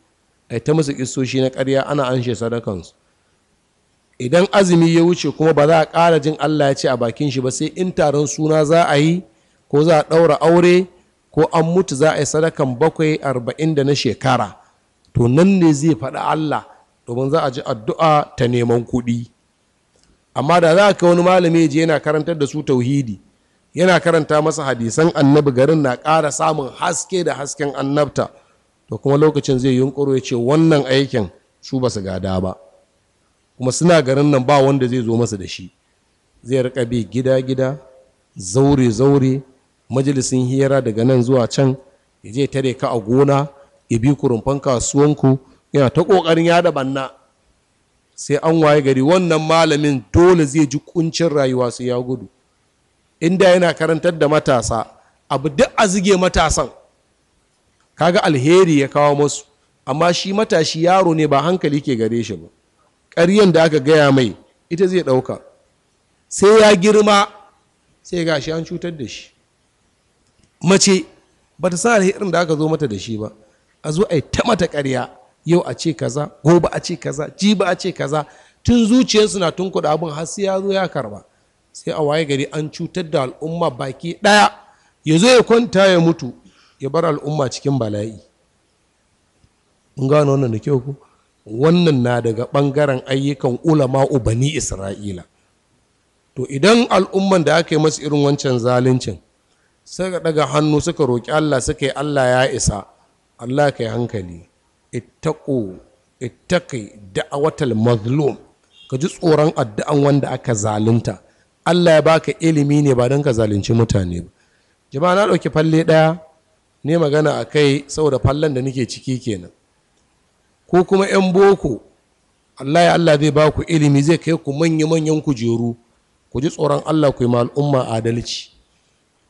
a ta masu kistoshi na karya ana anshe sadakansu idan azumi ya wuce kuma ba za a ƙara jin allah ya ce a bakin shi ba sai in taron suna za a yi ko za a ɗaura aure ko an mutu za a yi sadakan bakwai arba'in da na shekara to nan ne zai faɗa allah domin za a ji addu'a ta neman kuɗi amma da za ka wani malami ji yana karantar da su tauhidi yana karanta masa hadisan annabi garin na ƙara samun haske da hasken annabta to kuma lokacin zai yunƙuro ya ce wannan aikin su ba su gada ba kuma suna garin nan ba wanda zai zo masa da shi zai rika bi gida-gida zaure-zaure majalisin hira daga nan zuwa can ya je tare ka a gona ya bi kurumfan kasuwanku yana ta ƙoƙarin yada banna sai an waye gari wannan malamin dole zai ji ƙuncin rayuwa su ya gudu inda yana karantar da matasa abu duk a zige matasan kaga alheri ya kawo masu amma shi matashi yaro ne ba hankali ke gare shi ba ƙaryen da aka gaya mai ita zai ɗauka sai ya girma sai ga shi an cutar da shi mace ba ta sa alherin da aka zo mata da shi ba a zo a yi ta mata ƙarya yau a ce kaza gobe a ce kaza jibi a ce kaza tun zuciyarsu na tun kuɗa abin har sai ya zo ya karba sai a waye gari an cutar da al'umma baki ɗaya ya zo ya kwanta ya mutu ya bar al'umma cikin bala'i mun gano wannan da kyau ku wannan na daga ɓangaren ayyukan ulama ubani isra'ila to idan al'umman da aka yi masu irin wancan zaluncin suka ɗaga hannu suka roƙi allah suka yi allah ya isa allah ka yi hankali ittaqu ittaqi da'awatal mazlum ka ji tsoron addu'an wanda aka zalunta Allah ya baka ilimi ne ba don ka zalunci mutane ba jama'a na ɗauki falle ɗaya ne magana a kai saboda fallen da nake ciki kenan ko kuma 'yan boko Allah ya Allah zai baku ilimi zai kai ku manya-manyan kujeru ku ji tsoron Allah ku yi ma al'umma adalci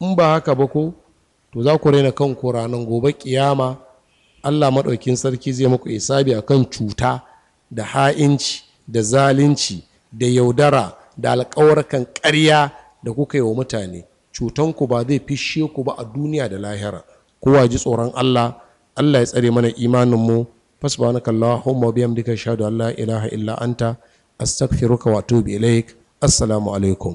in ba haka ba ko to za ku raina kanku ranar gobe kiyama allah maɗaukin sarki zai muku isabi a kan cuta da ha'inci da zalunci da yaudara da alkawarkan ƙarya da kuka yi wa mutane cutanku ba zai fishe ku ba a duniya da lahira kowa ji tsoron allah allah ya tsare mana imaninmu fasbanaka allahumma biyam dika shahadu allah ilaha illa anta astaghfiruka wa atubu ilaik assalamu alaikum